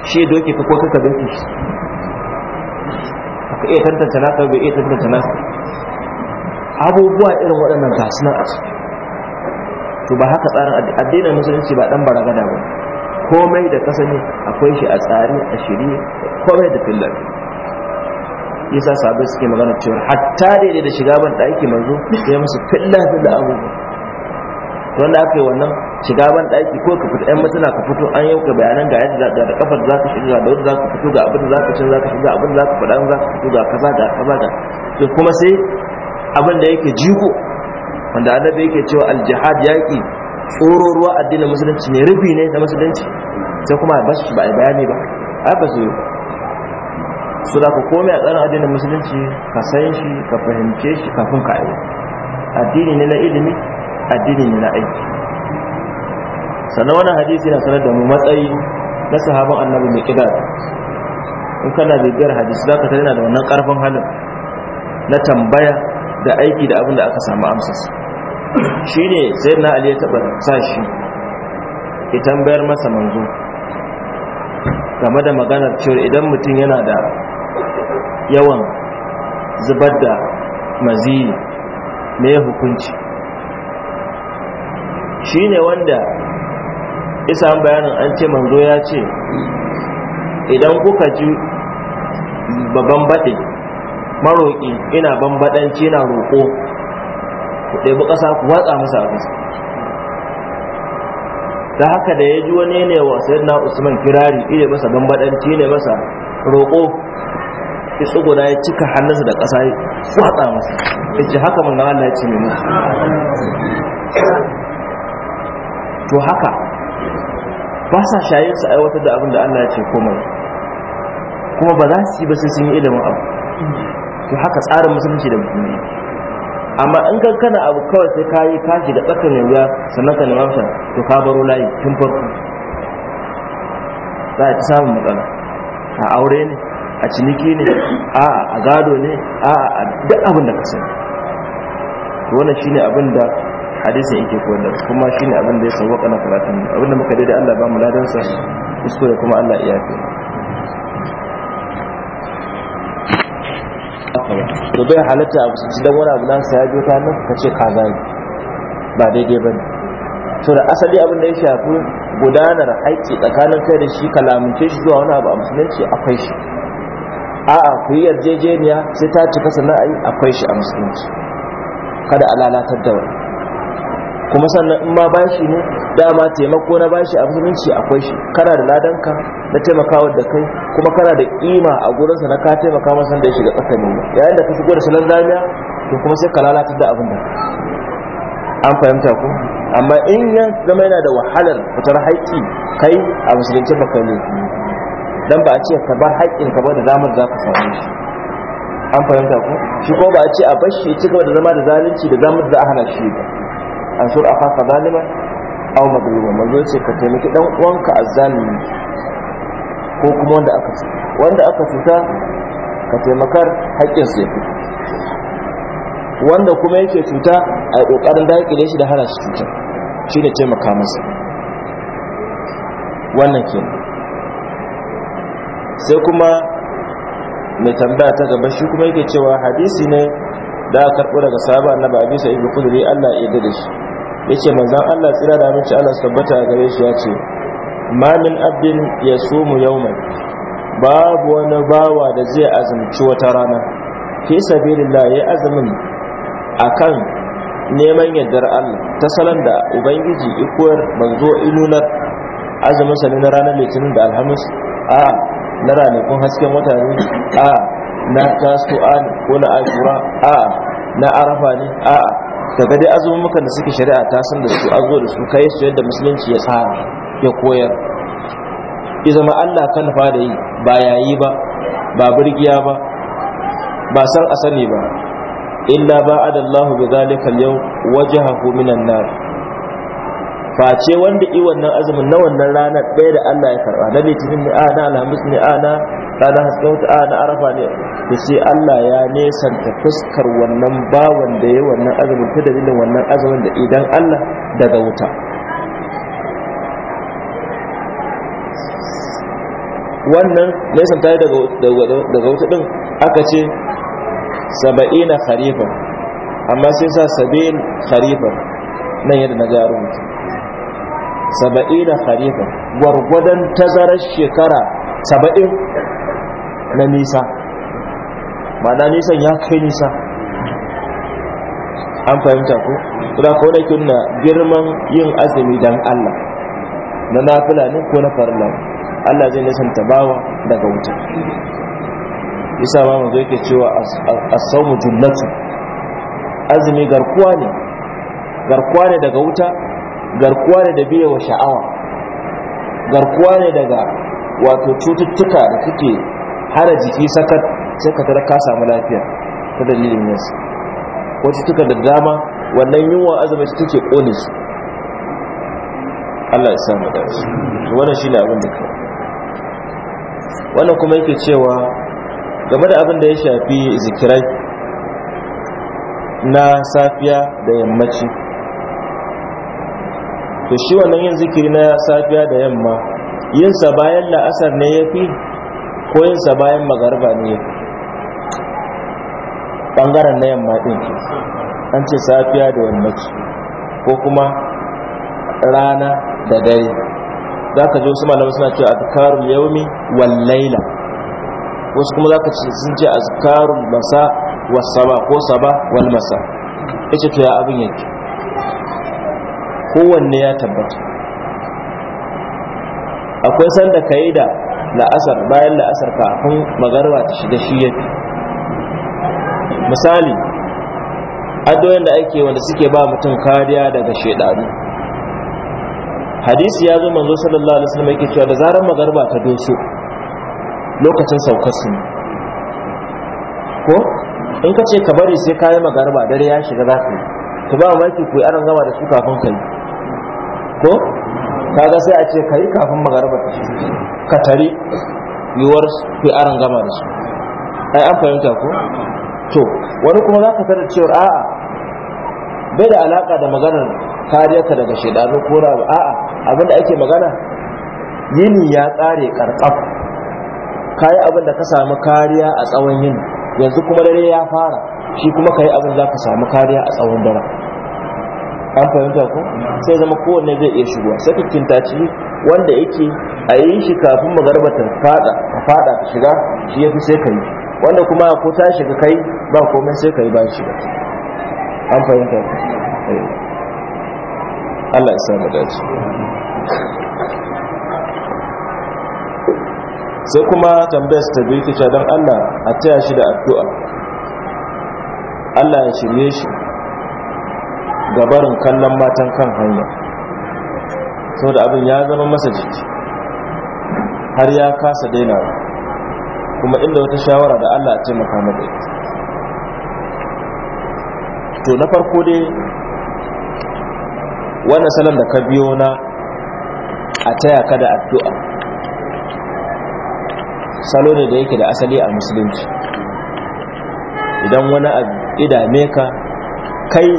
shi doke ka ko ka doke shi ka iya tantance naka bai iya tantance na abubuwa irin waɗannan ga suna a ciki to ba haka tsarin addinin musulunci ba dan baragada ba komai da kasani akwai shi a tsari a shirye komai da fillar yasa sabai suke magana cewa hatta daidai da shiga ban daki manzo sai musu filla da abubuwa wanda aka yi wannan shiga ban daki ko ka fita ɗan matsala ka fito an yau ka bayanan ga yadda da da kafar za ka shiga da wanda za ka fito ga abin da za ka cin za ka shiga abin da za ka faɗa za ka fito ga kaza da kaza da to kuma sai abin da yake jigo wanda annabi yake cewa aljihad yaƙi tsoro ruwa addinin musulunci ne rufi ne da musulunci sai kuma ba su ba bayani ba a ba su su da ka komai a tsarin addinin musulunci ka san shi ka fahimce shi kafin ka yi addini ne na ilimi addini ne na aiki sannan wannan hadisi na sanar da mu matsayi na sahaban annabi mai kida in kana bibiyar hadisi za ka tare da wannan karfin halin na tambaya da aiki da abin da aka samu amsas. shi ne sai na ali ya taɓa sa shi ya tambayar masa manzo game da maganar cewa idan mutum yana da yawan zubar da maziyi ne hukunci shi ne wanda isa bayanin an ce manzo ya ce idan kuka ji babban baɗe maroƙi ina banbaɗanci na roƙo ku ɗebi ƙasa ku watsa masa a ƙasa ta haka da ya ji wani ne wa sayar na usman kirari ile masa banbaɗanci ne masa roƙo ya tsogona ya cika hannunsa da ƙasa ya fata masu ake haka haka gama Allah ya ce mai to haka ba sa shayin su aiwatar da abin da Allah ya ce komai kuma ba za su yi ba sai sun yi ilimin abu to haka tsarin musulunci da musulmi amma in kankana abu kawai sai ka yi kashi da tsakan wuya, sannan ka nema to ka baro layi tun farko za a ci samun matsala a aure ne a ciniki ne a a gado ne a a duk abin da ka sani to wannan shine abin da hadisin yake koyar kuma shine abin da ya sauka na karatun abin da muka daidai Allah ba mu ladan sa da kuma Allah iya fi to bai halatta a kusurci don wani abu sa ya jota ta nan ka ce ka zai ba daidai ba ne to da asali abin da ya shafi gudanar aiki tsakanin kai da shi kalamunce shi zuwa wani abu a musulunci akwai shi a'a ku yi yarjejeniya sai ta cika sannan a yi akwai shi a musulunci kada a lalatar da wani kuma sannan in ma bashi ne dama taimako na bashi a musulunci akwai shi kana da ladanka na taimaka da kai kuma kana da kima a gurinsa na ka taimaka masa da ya shiga tsakanin yayin da ka shigo da salon zamiya to kuma sai ka lalatar da abin da an fahimta ku amma in yan zama yana da wahalar fitar haƙƙi kai a musulunci baka laifi dan ba a ce ka bar haƙƙin ka ba da damar za ka same shi an fahimta ko shi ko ba a ce a bar shi ci gaba da zama da zalunci da damar za a hana shi ba an sura a fasa zalima aw mazluma manzo ce ka taimaki dan uwanka azzalimi ko kuma wanda aka cuta wanda aka cuta ka taimakar haƙƙin sa ya wanda kuma yake cuta a kokarin daƙile shi da hana shi cutar shi taimaka masa wannan kenan sai kuma mai tambaya ta gaba shi kuma yake cewa hadisi ne da aka karɓo daga sahaba annabi abi sa'id bin khudri Allah ya yarda da shi yace manzon Allah tsira da mutunci Allah tabbata gare shi yace ma min abdin yasumu yawman babu wani bawa da zai azumci wata rana fi sabilillah ya azumin akan neman yardar Allah ta salon da ubangiji ikuwar manzo inunar azumin sa ne na ranar litinin da alhamis a na ranakun hasken wata a na tasu'a an ko na ashura a na arafa ne a daga dai muka da suke shari'a ta san da su azo da su kai su yadda musulunci ya tsara ya koyar Iza ma Allah kan fa da yi ba yayi ba ba burgiya ba ba san a sani ba illa ba adallahu bi zalika al-yawm wajhahu minan nar face wanda i wannan azumin na wannan rana ɗaya da Allah ya karɓa na litinin ne a na alhamis ne a na rana wata a na arafa ne to sai Allah ya nesanta fuskar wannan bawan da ya wannan azumin ta dalilin wannan azumin da idan Allah daga wuta wannan nesanta ya daga wuta din aka ce saba'ina kharifa amma sai sa sabin kharifa nan yadda na gyaru mutum saba'ina harifa, gwargwadon tazarar shekara saba'in na nisa ma'ana nisan ya kai nisa an fahimta ko kuma ko da kunna girman yin azumi dan Allah na nafila ne ko na farla Allah zai nisanta bawa daga wuta isa ba mu yake cewa as-sawmu jullatu azumi garkuwa ne garkuwa ne daga wuta garkuwa ne da biyewa sha'awa garkuwa ne daga wato cututtuka da suke hana jiki sakat sai ka tara ka samu lafiya ta dalilin yansu wacce tuka da dama wannan yunwa azumi take kone su Allah ya samu da su wannan ne abin da kai wannan kuma yake cewa game da abin da ya shafi zikirai na safiya da yammaci to shi wannan yin zikiri na safiya da yamma yinsa bayan la'asar ne ya fi ko yinsa bayan magarba ne yafi bangaren ɓangaren na yamma din. ke an ce safiya da yammaci ko kuma rana da dare za ka ji wasu malamu suna cewa azkarul yaumi wal laila wasu kuma za ka ce sun ce azkarul masa wasa ba ko saba wal masa ce to ya abin yake kowanne ya tabbata akwai sanda ka yi da la'asar bayan la'asar kafin magarwa ta shiga shi ya fi misali adoyin da ake wanda suke ba mutum kariya daga shaidanu hadisi ya zo manzo sallallahu alaihi wasallam yake cewa da zarar magarba ta doso lokacin saukar su ko in ka ce ka bari sai kayi magarba dare ya shiga za ka yi to ba mamaki ku yi aran zama da su kafin ka yi ko kaga sai a ce ka yi kafin magaraba ka tari yiwuwar fi aran gama da su ai an fahimta ko to wani kuma za ka tarar cewar a'a bai da alaka da maganar kariyarka daga shaidanu ko rabu a'a abinda ake magana yini ya tsare karkaf kayi abin da ka samu kariya a tsawon yini yanzu kuma dare ya fara shi kuma kayi abin da ka samu kariya a tsawon dare an fahimta ku? sai zama kowanne zai iya shigowa sai ci wanda yake a yi shi kafin magarbatar fada ka fada ka shiga shi yafi sai kai wanda kuma ko ta shiga kai ba komai sai kai ba shi ba an fahimta ku? Eh. Allah ya sa mu dace sai kuma tambayar ta biyu ta dan Allah a taya shi da addu'a Allah ya shirye shi gabarin kallon matan kan hanya da abin ya zama masa jiki har ya kasa daina kuma inda wata shawara da Allah a taimaka maka ita to na farko dai wannan salon da ka biyo na a taya ka da addu'a salo ne da yake da asali a musulunci idan wani abu idame ka kai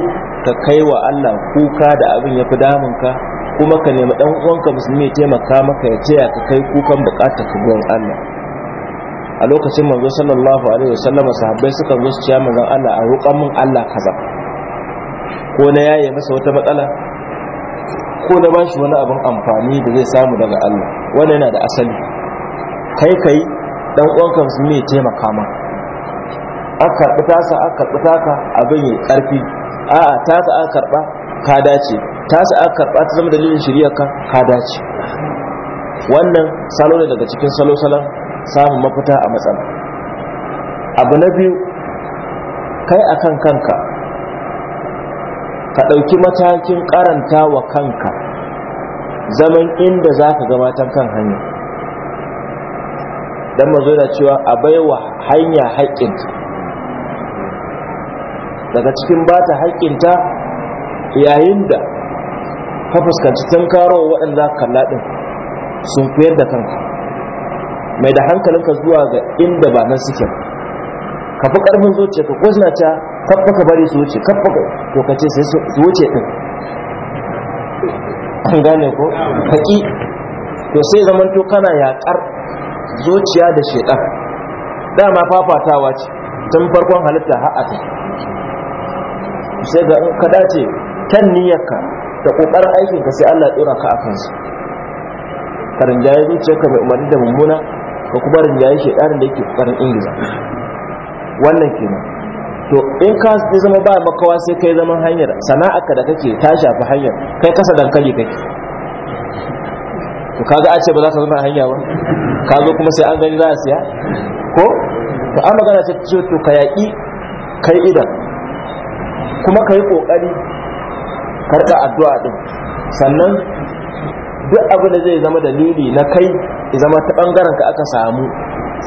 ka kai wa Allah kuka da abin ya fi damunka kuma ka nemi ɗan uwanka musulmi ya taimaka maka ya taya ka kai kukan bukata ka gurin Allah a lokacin manzo sallallahu alaihi wasallam sahabbai suka zo su ciya manzon Allah a roƙan mun Allah kaza ko na yaye masa wata matsala ko na bashi wani abin amfani da zai samu daga Allah wannan yana da asali kai kai dan uwanka musulmi ya taimaka maka aka karɓi tasa aka karɓi taka abin yi ƙarfi a'a ta sa aka karba ka dace ta sa aka karba ta zama dalilin shari'a ka ka dace wannan salo ne daga cikin salo salon samun mafita a matsala abu na biyu kai akan kanka ka ɗauki matakin karanta wa kanka zaman inda za ka gabatan kan hanya don mazo da cewa a baiwa hanya haƙƙinta daga cikin ba ta haƙinta yayin da ka fuskanci wa waɗanda kalla ɗin sun fiyar da kanka mai da hankalinka zuwa ga inda ba nan suke ka fi ƙarfin zuciya ka kwazna ta kafa ka bari su wuce kafa ka to ka ce sai su wuce ɗin an gane ko haƙi to sai to kana yaƙar zuciya da shekar dama fafatawa ce tun farkon halitta ta sai ga ka dace kan niyyarka da kokarin aikin ka sai Allah ya dora ka akan su ka rinjaye ka mai umarni da mummuna ka kuma rinjaye shedanin da yake kokarin ingiza wannan kenan to in ka zai zama ba makawa sai kai zaman hanyar sana'arka da kake ta shafi hanyar kai kasa dankali kake to kaga a ce ba za ka zama hanya ba ka zo kuma sai an gani za a siya ko to an magana ta ce to ka yaƙi kai idan kuma ka yi ƙoƙari karɓa addu'a ɗin sannan duk abin da zai zama dalili na kai ya zama ta ɓangaren ka aka samu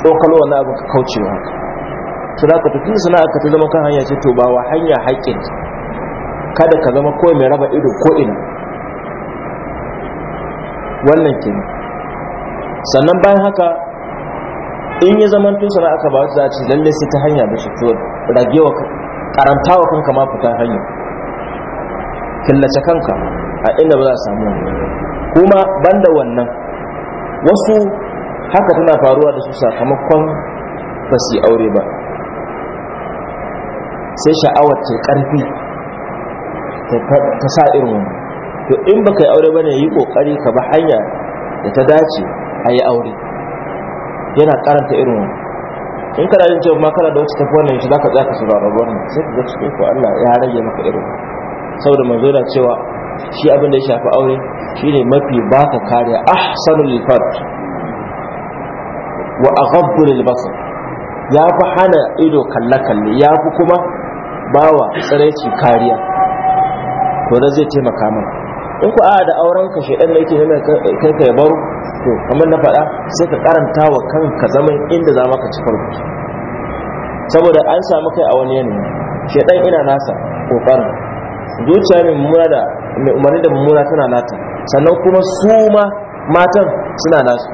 tsokalo na abu ka kaucewa su da ka tafi sana'a ka ta zama kan hanya ce to ba wa hanya haƙƙin kada ka zama ko mai raba ido ko ina wannan kenan sannan bayan haka in ya zaman tun sana'a aka ba za a ce lalle sai ta hanya da shi to ragewa Karantawa wa kanka ma fitar hanyar, killace kanka a inda ba za a samu kuma banda wannan wasu haka tana faruwa da su sakamakon ba su aure ba sai sha'awar ta karfi ta sa irin wani to in baka yi aure ba ne yi kokari ka ba hanya da ta dace a yi aure yana karanta irin wani in kana jin cewa ma kana da wacce tafi wannan ka zaka shiga rabon wannan sai ka zaka ko Allah ya rage maka irin saboda manzo na cewa shi abin da ya shafi aure shine mafi baka kariya ahsanul fard wa aghaddu lil basar ya fi hana ido kalle kalle ya fi kuma bawa tsareci kariya to da zai taimaka mana in ku a da auren ka shedan da yake yana kai ka baro to kamar na faɗa sai ka karanta wa kanka zaman inda za maka ci farko saboda an samu kai a wani yanayi ɗan ina nasa kokarin zuciya mai mummuna da mai umarni da mummuna tana nata sannan kuma su ma matan suna nasu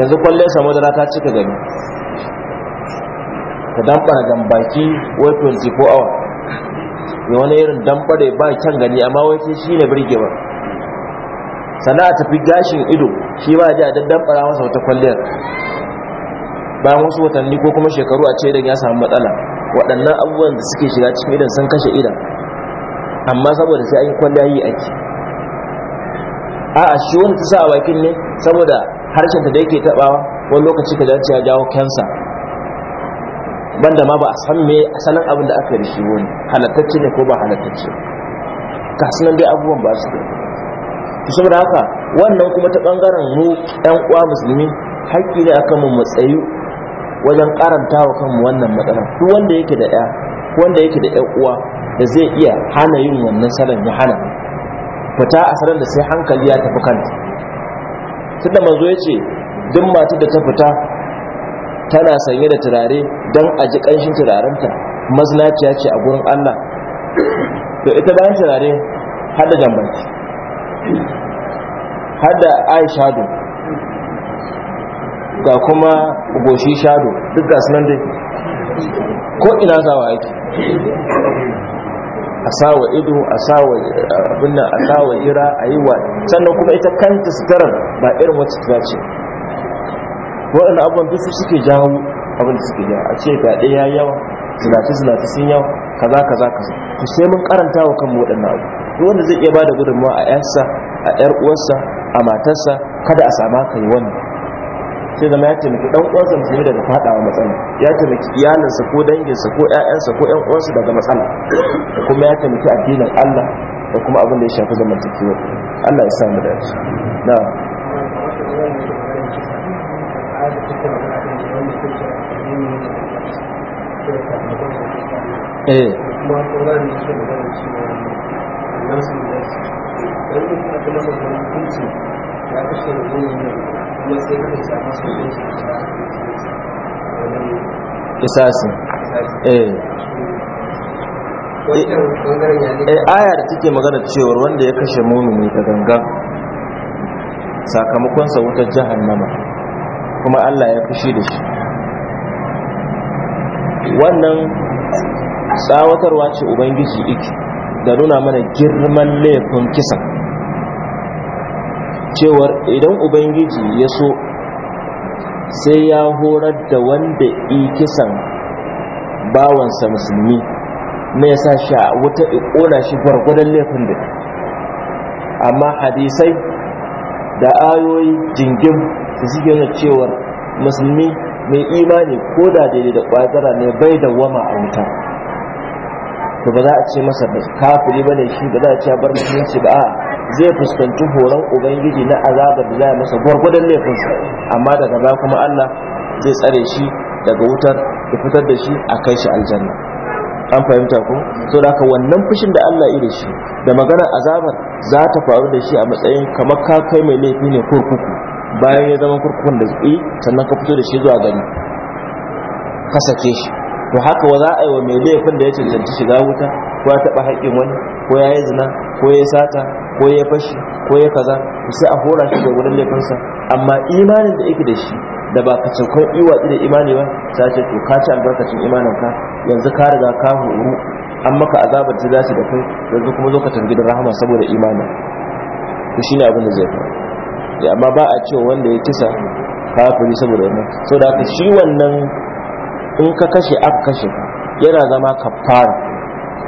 yanzu kwallon samu da ta cika gani ka damfara gambaki wai 24 hour ya wani irin dambare ba kyan gani amma wai ce shi ne ba. sana a tafi gashin ido shi ba ji a daddambara masa wata kwalliyar bayan wasu watanni ko kuma shekaru a ce idan ya samu matsala waɗannan abubuwan da suke shiga cikin idan sun kashe idan amma saboda sai an yi kwalliya yi a a'a shi wani ta sa a bakin ne saboda harshen ta da yake tabawa wani lokaci ka dace ya jawo kansa banda ma ba a san me asalin abin da aka yi shi wani halattacce ne ko ba halattacce ka sanan dai abubuwan ba su da saboda haka wannan kuma ta bangaren mu yan uwa musulmi hakki ne akan mu matsayi wajen karanta wa kanmu wannan matsalar duk wanda yake da ya wanda yake da yan uwa da zai iya hana yin wannan salon ya hana fita a salon da sai hankali ya tafi kanta tunda manzo ya ce duk matar da ta fita tana sanye da turare don a ji ƙanshin turarenta mazinaciya ce a gurin allah da ita bayan turare hada jambanci hada ai shado ga kuma goshi shado duk ga sunan dai ko ina zawa yake a sawa ido a sawa abinnan a sawa ira a yi wa sannan kuma ita kanta sitarar ba irin wacce ta ce waɗanda abubuwan duk suke jawo abin da suke yawa a ce fyaɗe ya yawa zinace zinace sun yawa kaza kaza kaza ku sai mun karanta wa kanmu waɗannan abu ko wanda zai iya ba da gudunmawa a yarsa a yar uwarsa a matarsa kada a sama haka yi wannan sai zama ya taimaki ɗan uwansa musulmi daga faɗawa matsala ya taimaki iyalinsa ko danginsa ko ƴaƴansa ko ƴan uwansa daga matsala da kuma ya taimaki addinin Allah da kuma abin da ya shafi zamantakewa Allah ya sa mu shi na'am Eh. a da take magana cewar wanda ya kashe munin ne ta ganga sakamakonsa wutar jahannama kuma allah ya fushi da shi wannan tsawatarwa ce ubangiji iki da nuna mana girman laifin kisan cewar idan ubangiji ya so sai ya horar da wanda kisan bawansa musulmi na ya sa sha wuta ikona shi gwargwadon laifin da amma hadisai da ayoyi jingim su suke na cewar musulmi mai imani ko da daidai da kwazara ne bai da wama a wuta to ba za a ce masa kafiri ba ne shi ba za a ce bar musulunci ba a zai fuskanci horon ubangiji na azabar da za a masa gwargwadon laifinsa amma daga ba kuma allah zai tsare shi daga wutar da fitar da shi a kai shi aljanna an fahimta ku? so da haka wannan fushin da allah iri shi da maganar azabar za ta faru da shi a matsayin kamar ka kai mai laifi ne kurkuku bayan ya zama kurkukun da zai sannan ka fito da shi zuwa gari ka sake shi to haka wa za a yi wa mai laifin da ya cancanci shiga wuta ko ya taɓa haƙƙin wani ko ya yi zina ko ya sata ko ya fashi ko ya kaza sai a hora shi da wurin laifinsa amma imanin da yake da shi da ba ka cikin iwa da imani ba ta ce to ka ci albarkacin imaninka yanzu ka riga ka huru, an maka azabar ta dace da kai yanzu kuma zo ka tangi da rahama saboda imanin to shine abin da zai faru amma ba a cewa wanda ya kisa kafiri saboda wannan saboda haka shi wannan in ka kashe aka kashe ka yana zama fara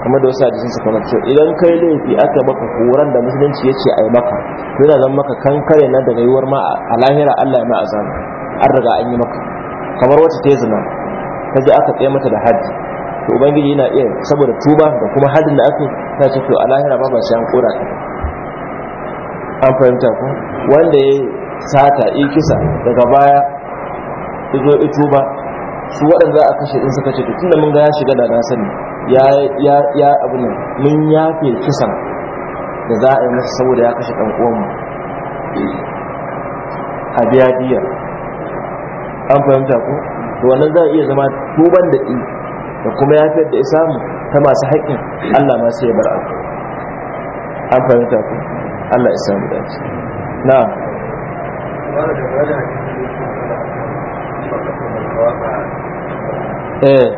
kuma da wasu hadisin suka mace idan kai laifi aka baka horon da musulunci ya ce a yi maka yana zama kan kankare na daga yiwuwar ma a lahira Allah ya ma an riga an yi maka kamar wacce ta yi zina ta je aka tsaye mata da haddi to ubangiji yana iya saboda tuba da kuma hadin da aka ta ce to a lahira ba ba sai an kora ta an fahimta ko wanda ya sata ikisa daga baya izo ituba su waɗanda a kashe ɗin suka ce to da mun ga ya shiga da nasan sani ya abu ne mun yafe kisan da za a yi masa saboda ya kashe ɗan uwanmu eh, a biya biya an fahimta ko to wannan za a iya zama tuban da ɗi da kuma yafiyar da isa mu ta masu haƙƙin allah ma sai ya bar abu an fahimta ko allah isa mu dace na Eh.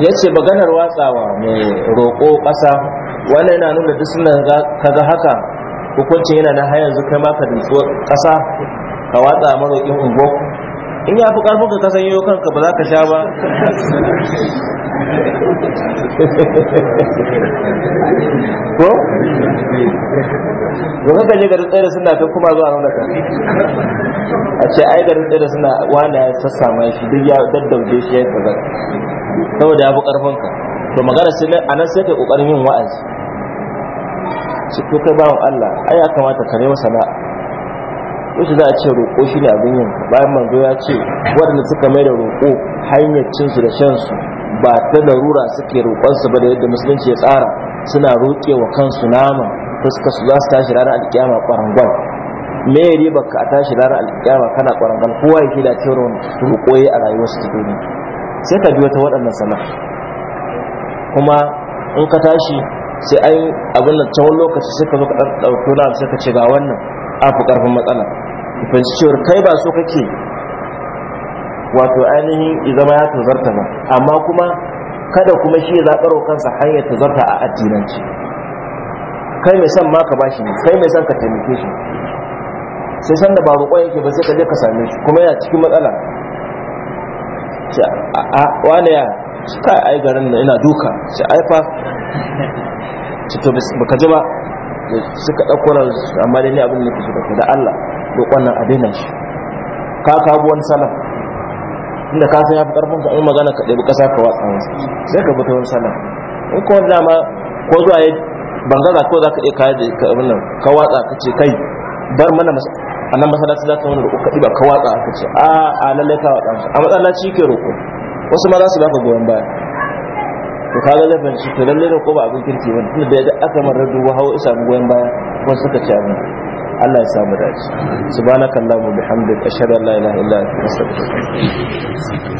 ya ce maganar watsawa mai roƙo ƙasa wannan yana nuna duk suna ga haka hukuncin yana na hayan zuka ma maka dutsu ƙasa ka watsa maroƙin ungo in ya fi ƙarfin ka kasan yiwu kanka ba za ka sha ba ko? ba ka je garin tsaye da suna ta kuma zuwa nuna ka a ce ai da rudda suna wani ya shi duk ya daddauje shi ya kaza saboda ya fi karfin ka to magana sai a nan sai kai kokarin yin wa'azi shi to kai Allah ai ya kamata ka nemi sana'a yake za a ce roƙo shi ne abin yin bayan manzo ya ce waɗanda suka mai da roƙo hanyar cinsu da shan su ba ta larura suke roƙonsu ba da yadda musulunci ya tsara suna roƙe wa kansu nama fuskar su za su tashi ranar alƙiyama ƙwarangon me ya riba ka a tashi lara alƙiyama kana ƙwarangal kowa ya ke kila tiron ruƙoyi a rayuwarsu ta duniya sai ka bi wata waɗannan sana kuma in ka tashi sai ai abin da tsawon lokaci sai ka zo ka ɗauki wani sai ka ce ga wannan an fi ƙarfin matsala fahimci cewar kai ba so kake wato ainihin zama ya ba amma kuma kada kuma shi ya zaɓar kansa hanyar zarta a addinanci kai mai son ma ka bashi ne kai mai son ka taimake shi sai san da babu roƙon yake ba sai ka je ka same shi kuma yana cikin matsala a wane ya suka ai garin na ina duka sai ai fa to baka ji ba suka ɗauko na amma dai ne abin da ke shiga da Allah da nan a daina shi ka kawo wani salam inda ka san ya fi karfin ka in magana ka ɗebi ƙasa ka watsa wasu sai ka fita wani salam in kuma dama ko zuwa ya bangaza ko za ka iya kayan da abin nan ka watsa ka ce kai bar mana masa annan nan masallaci za ka wani roƙo kaɗi ba ka watsa aka ce a a lallai ka watsa a ci ke roƙo wasu ma za su baka goyon baya to ka lallai fahimci to lallai roƙo ba abin kirki ba tun da yadda aka mara dubu hawa isa mu goyon baya ko suka ci abin Allah ya samu dace subhanakallahu bihamdika ashhadu an la ilaha illa anta astaghfiruka